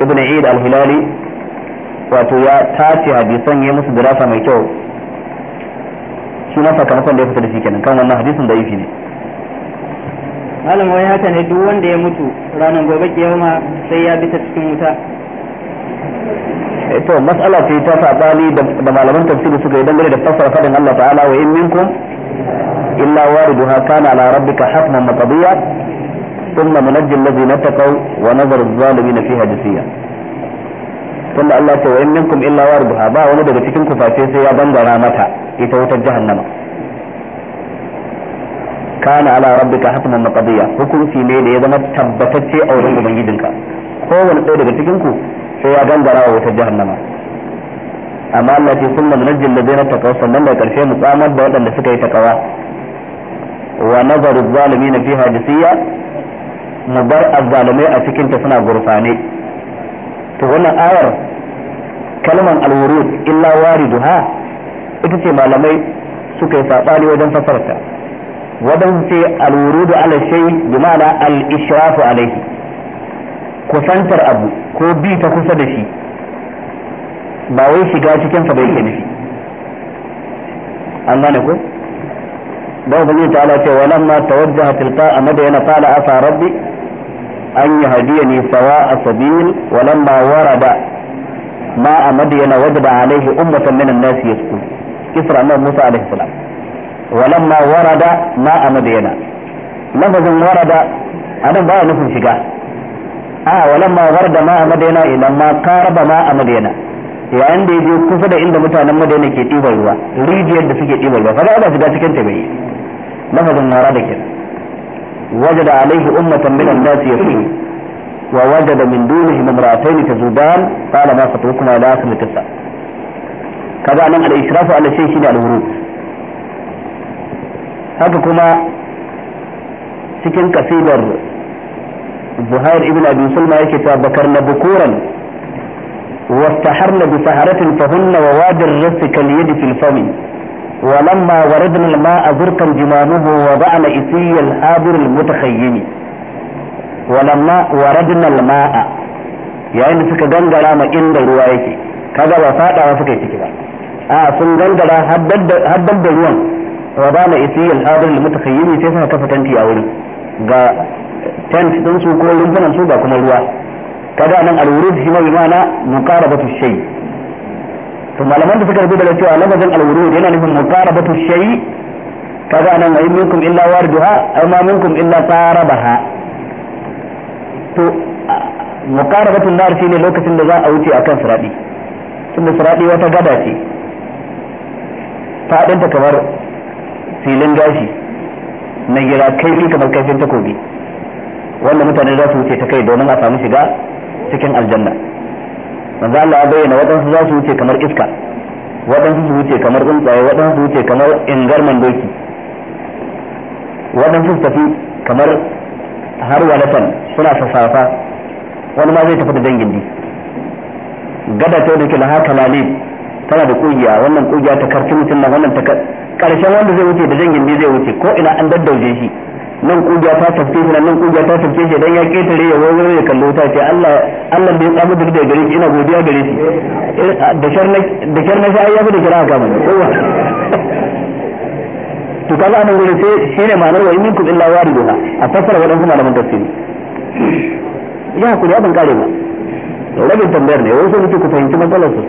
ibn eid al-hilali wato ya tace hadisan ya musu darasa mai kyau shi ma sakamakon da ya fita da shi kenan kan wannan hadisin da ne malam wai haka ne duk wanda ya mutu ranar gobe kiyama sai ya bi ta cikin wuta to mas'ala ce ta sabani da malaman tafsiri suka yi dangane da fassara fadin Allah ta'ala wa in minkum illa wariduha kana ala rabbika hatman maqdiya thumma munajji alladhina taqaw wa nadharu adh-dhalimina fiha jithiya tunda Allah ce wa in minkum illa wariduha ba wani daga cikin ku face sai ya bangara mata ita wutar jahannama kana ala rabbika hatman maqdiya hukunci ne da ya zama tabbatacce a wurin ubangijinka kowane ɗaya daga cikin ku sai ya gangara wa wutar jahannama amma Allah ce sun da nunajjin da zai takawa sannan da karshe mu tsamar da waɗanda suka yi takawa wa nazaru zalimi na fiha jisiya mu bar azzalumai a cikinta suna gurfane to wannan ayar kalman alwurud illa wariduha ita ce malamai suka yi saɓani wajen fasarta waɗansu ce alwurudu ala shay bi ma'ana al-ishrafu alaihi kusantar abu ko bi ta kusa da shi ba wai shiga cikinsa bai ke nufi an gane ko da ubangiji ta ala ce walamma tawajjaha tilqa madyana qala asa rabbi an sawa a sabil walamma warada ma madyana wajada alaihi ummatan min an-nas yasqu kisra annabi Musa alaihi salam walamma warada ma madyana lafazin warada anan baya nufin shiga a walamma da ma a madaina idan ma karaba ma a madaina yayin da ya je kusa da inda mutanen madaina ke ɗibar ruwa rijiyar da suke ɗibar ruwa kaga ana shiga cikin tabi'i lafazin nara da kin wajada alaihi ummatan min an-nas yasmi wa wajada min dunihi imra'atayn tazuban qala ma fatukuma la tisa kaga nan al-israfu ala shay ne al-wurud haka kuma cikin kasidar zuhair ibn abi sulma yake cewa bakar na bukuran واستحرن بسهرة فهن ووادي الرس كاليد في الفم ولما وردنا الماء زرقا جمانه وضعن إسي الآبر المتخيم ولما وردنا الماء yayin da suka gangara ma inda ruwa yake kaga ba fadawa suka yi ciki ba a sun gangara haddan da ruwan wa sai suka a ga tent din su ko rumfunan su ba kuma ruwa kada nan al-wurud shi mai mana muqarabatu shay to malaman da suka rubuta da cewa lafazin al-wurud yana nufin muqarabatu shay kada nan ayi minkum illa warduha aw ma minkum illa tarabaha to muqarabatu nar shine lokacin da za a wuce akan siradi tunda siradi wata gada ce ta kamar filin gashi na gira kaifi kamar kaifin takobi wanda mutane za su wuce ta kai domin a samu shiga cikin aljanna manzo Allah ya bayyana waɗansu za su wuce kamar iska waɗansu su wuce kamar tsuntsaye waɗansu su wuce kamar ingar doki waɗansu su tafi kamar har walatan suna sassafa wani ma zai tafi da di gada ta wadda ke haka kalali tana da kugiya wannan kugiya ta karci mutum nan wannan ta karshen wanda zai wuce da di zai wuce ko ina an daddauje shi nan kungiya ta tafke shi nan kungiya ta tafke shi dan ya ketare ya wawar ya kallo ta ce Allah Allah bai tsamu duk da gare shi ina godiya gare shi eh, da shar na da shar na sai ya bi da kira ka mun kowa to kaga nan gure sai shine ma'anar wa minkum illa wariduna a fassara wadansu malaman tafsiri ya ku ya ban kare ba rabin tambayar ne wasu mutu ku fahimci matsalar su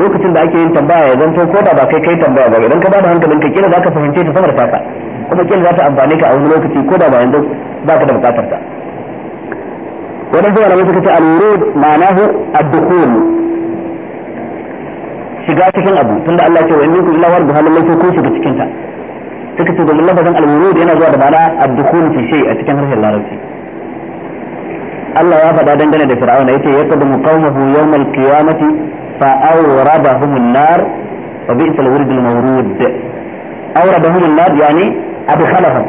lokacin da ake yin tambaya ya zanto ko da ba kai kai tambaya ba idan ka ba da hankalin ka za ka fahimce ta samar taka kuma kila za ta amfane ka a wani lokaci ko da ba yanzu ba ka da bukatar ta wadansu malamai suka ce al-wurud ma'anahu ad-dukhul shiga cikin abu tunda Allah ce wa in minkum illa wardu halal lafi ko shiga cikin ta suka ce domin lafazin al-wurud yana zuwa da ma'ana ad-dukhul fi shay a cikin harshen larabci Allah ya faɗa dangane da Fir'auna yace yaqdumu qaumahu yawm al-qiyamati fa awradahum an-nar wa bi'sa al-wurd al-mawrud awradahum an-nar yani abu khalafa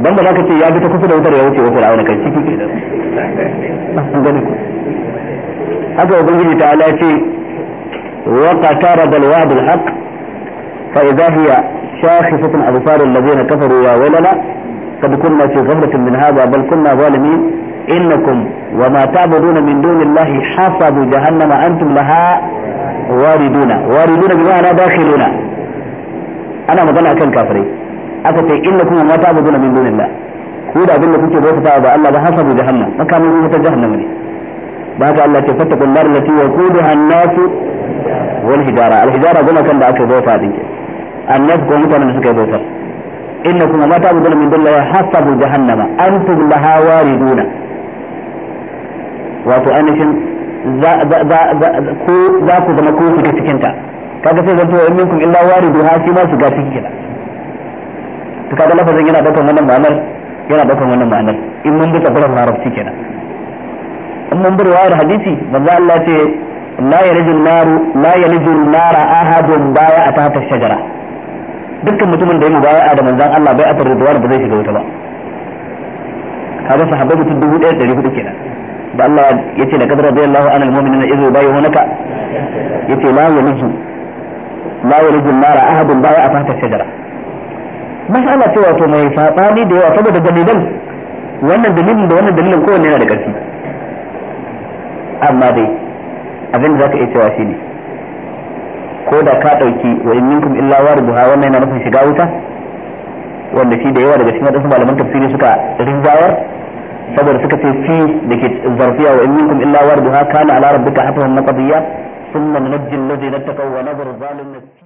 dan ba za ka ce ya bi ta kusa da wutar ya wuce wutar auna kai ciki kenan haka ubangiji ta ala ce wa qatarada alwa'd alhaq fa idha hiya shakhisatun absar alladhina kafaru ya wailana قد كنا في غفلة من هذا بل كنا ظالمين إنكم وما تعبدون من دون الله حسب جهنم أنتم لها واردون واردون بمعنى داخلون أنا مضنع كان كافرين aka ce inna kuma ma ta abudu min dunillah ko da abin da kuke bautawa ba Allah ba hasabu jahannam makamin wutar jahannam ne ba ka Allah ce fattakun nar lati wa quduha an-nas wal hijara al hijara goma kan da aka bauta din ke an-nas ko mutanen da suka bauta inna kuma ma ta abudu min dunillah hasabu jahannama antum laha wariduna wato anishin za ku zama ko shiga cikinta kaga sai zanto wa minkum illa wariduha shi ma shiga cikin kenan to kaga lafazin yana daukan wannan ma'anar yana daukan wannan ma'anar in mun bi tsabarar larabci kenan in mun bi riwayar hadisi manzo Allah ce la yaliju naru la yaliju nara ahadun baya a tahta shajara dukkan mutumin da ya mubaya'a da manzon Allah bai atar ridwan ba zai shiga wuta ba kaga sahabbai mutum dubu ɗaya dari hudu kenan da Allah ya ce da kadar radiyallahu anil mu'minina idh ya yace la yaliju la yaliju nara ahadun baya a tahta shajara masala ce wato mai saɓani da yawa saboda dalilan wannan dalilin da wannan dalilin kowanne yana da ƙarfi amma dai abin da za ka iya cewa shi ne ko da ka ɗauki wa in minkum illa wariduha wannan yana nufin shiga wuta wanda shi da yawa daga cikin wadansu malaman tafsiri suka rinzawar saboda suka ce fi da ke zarfiya wa in minkum illa wariduha kana ala rabbika hatman maqdiya thumma nunajji alladhina taqaw wa nadhru zalimin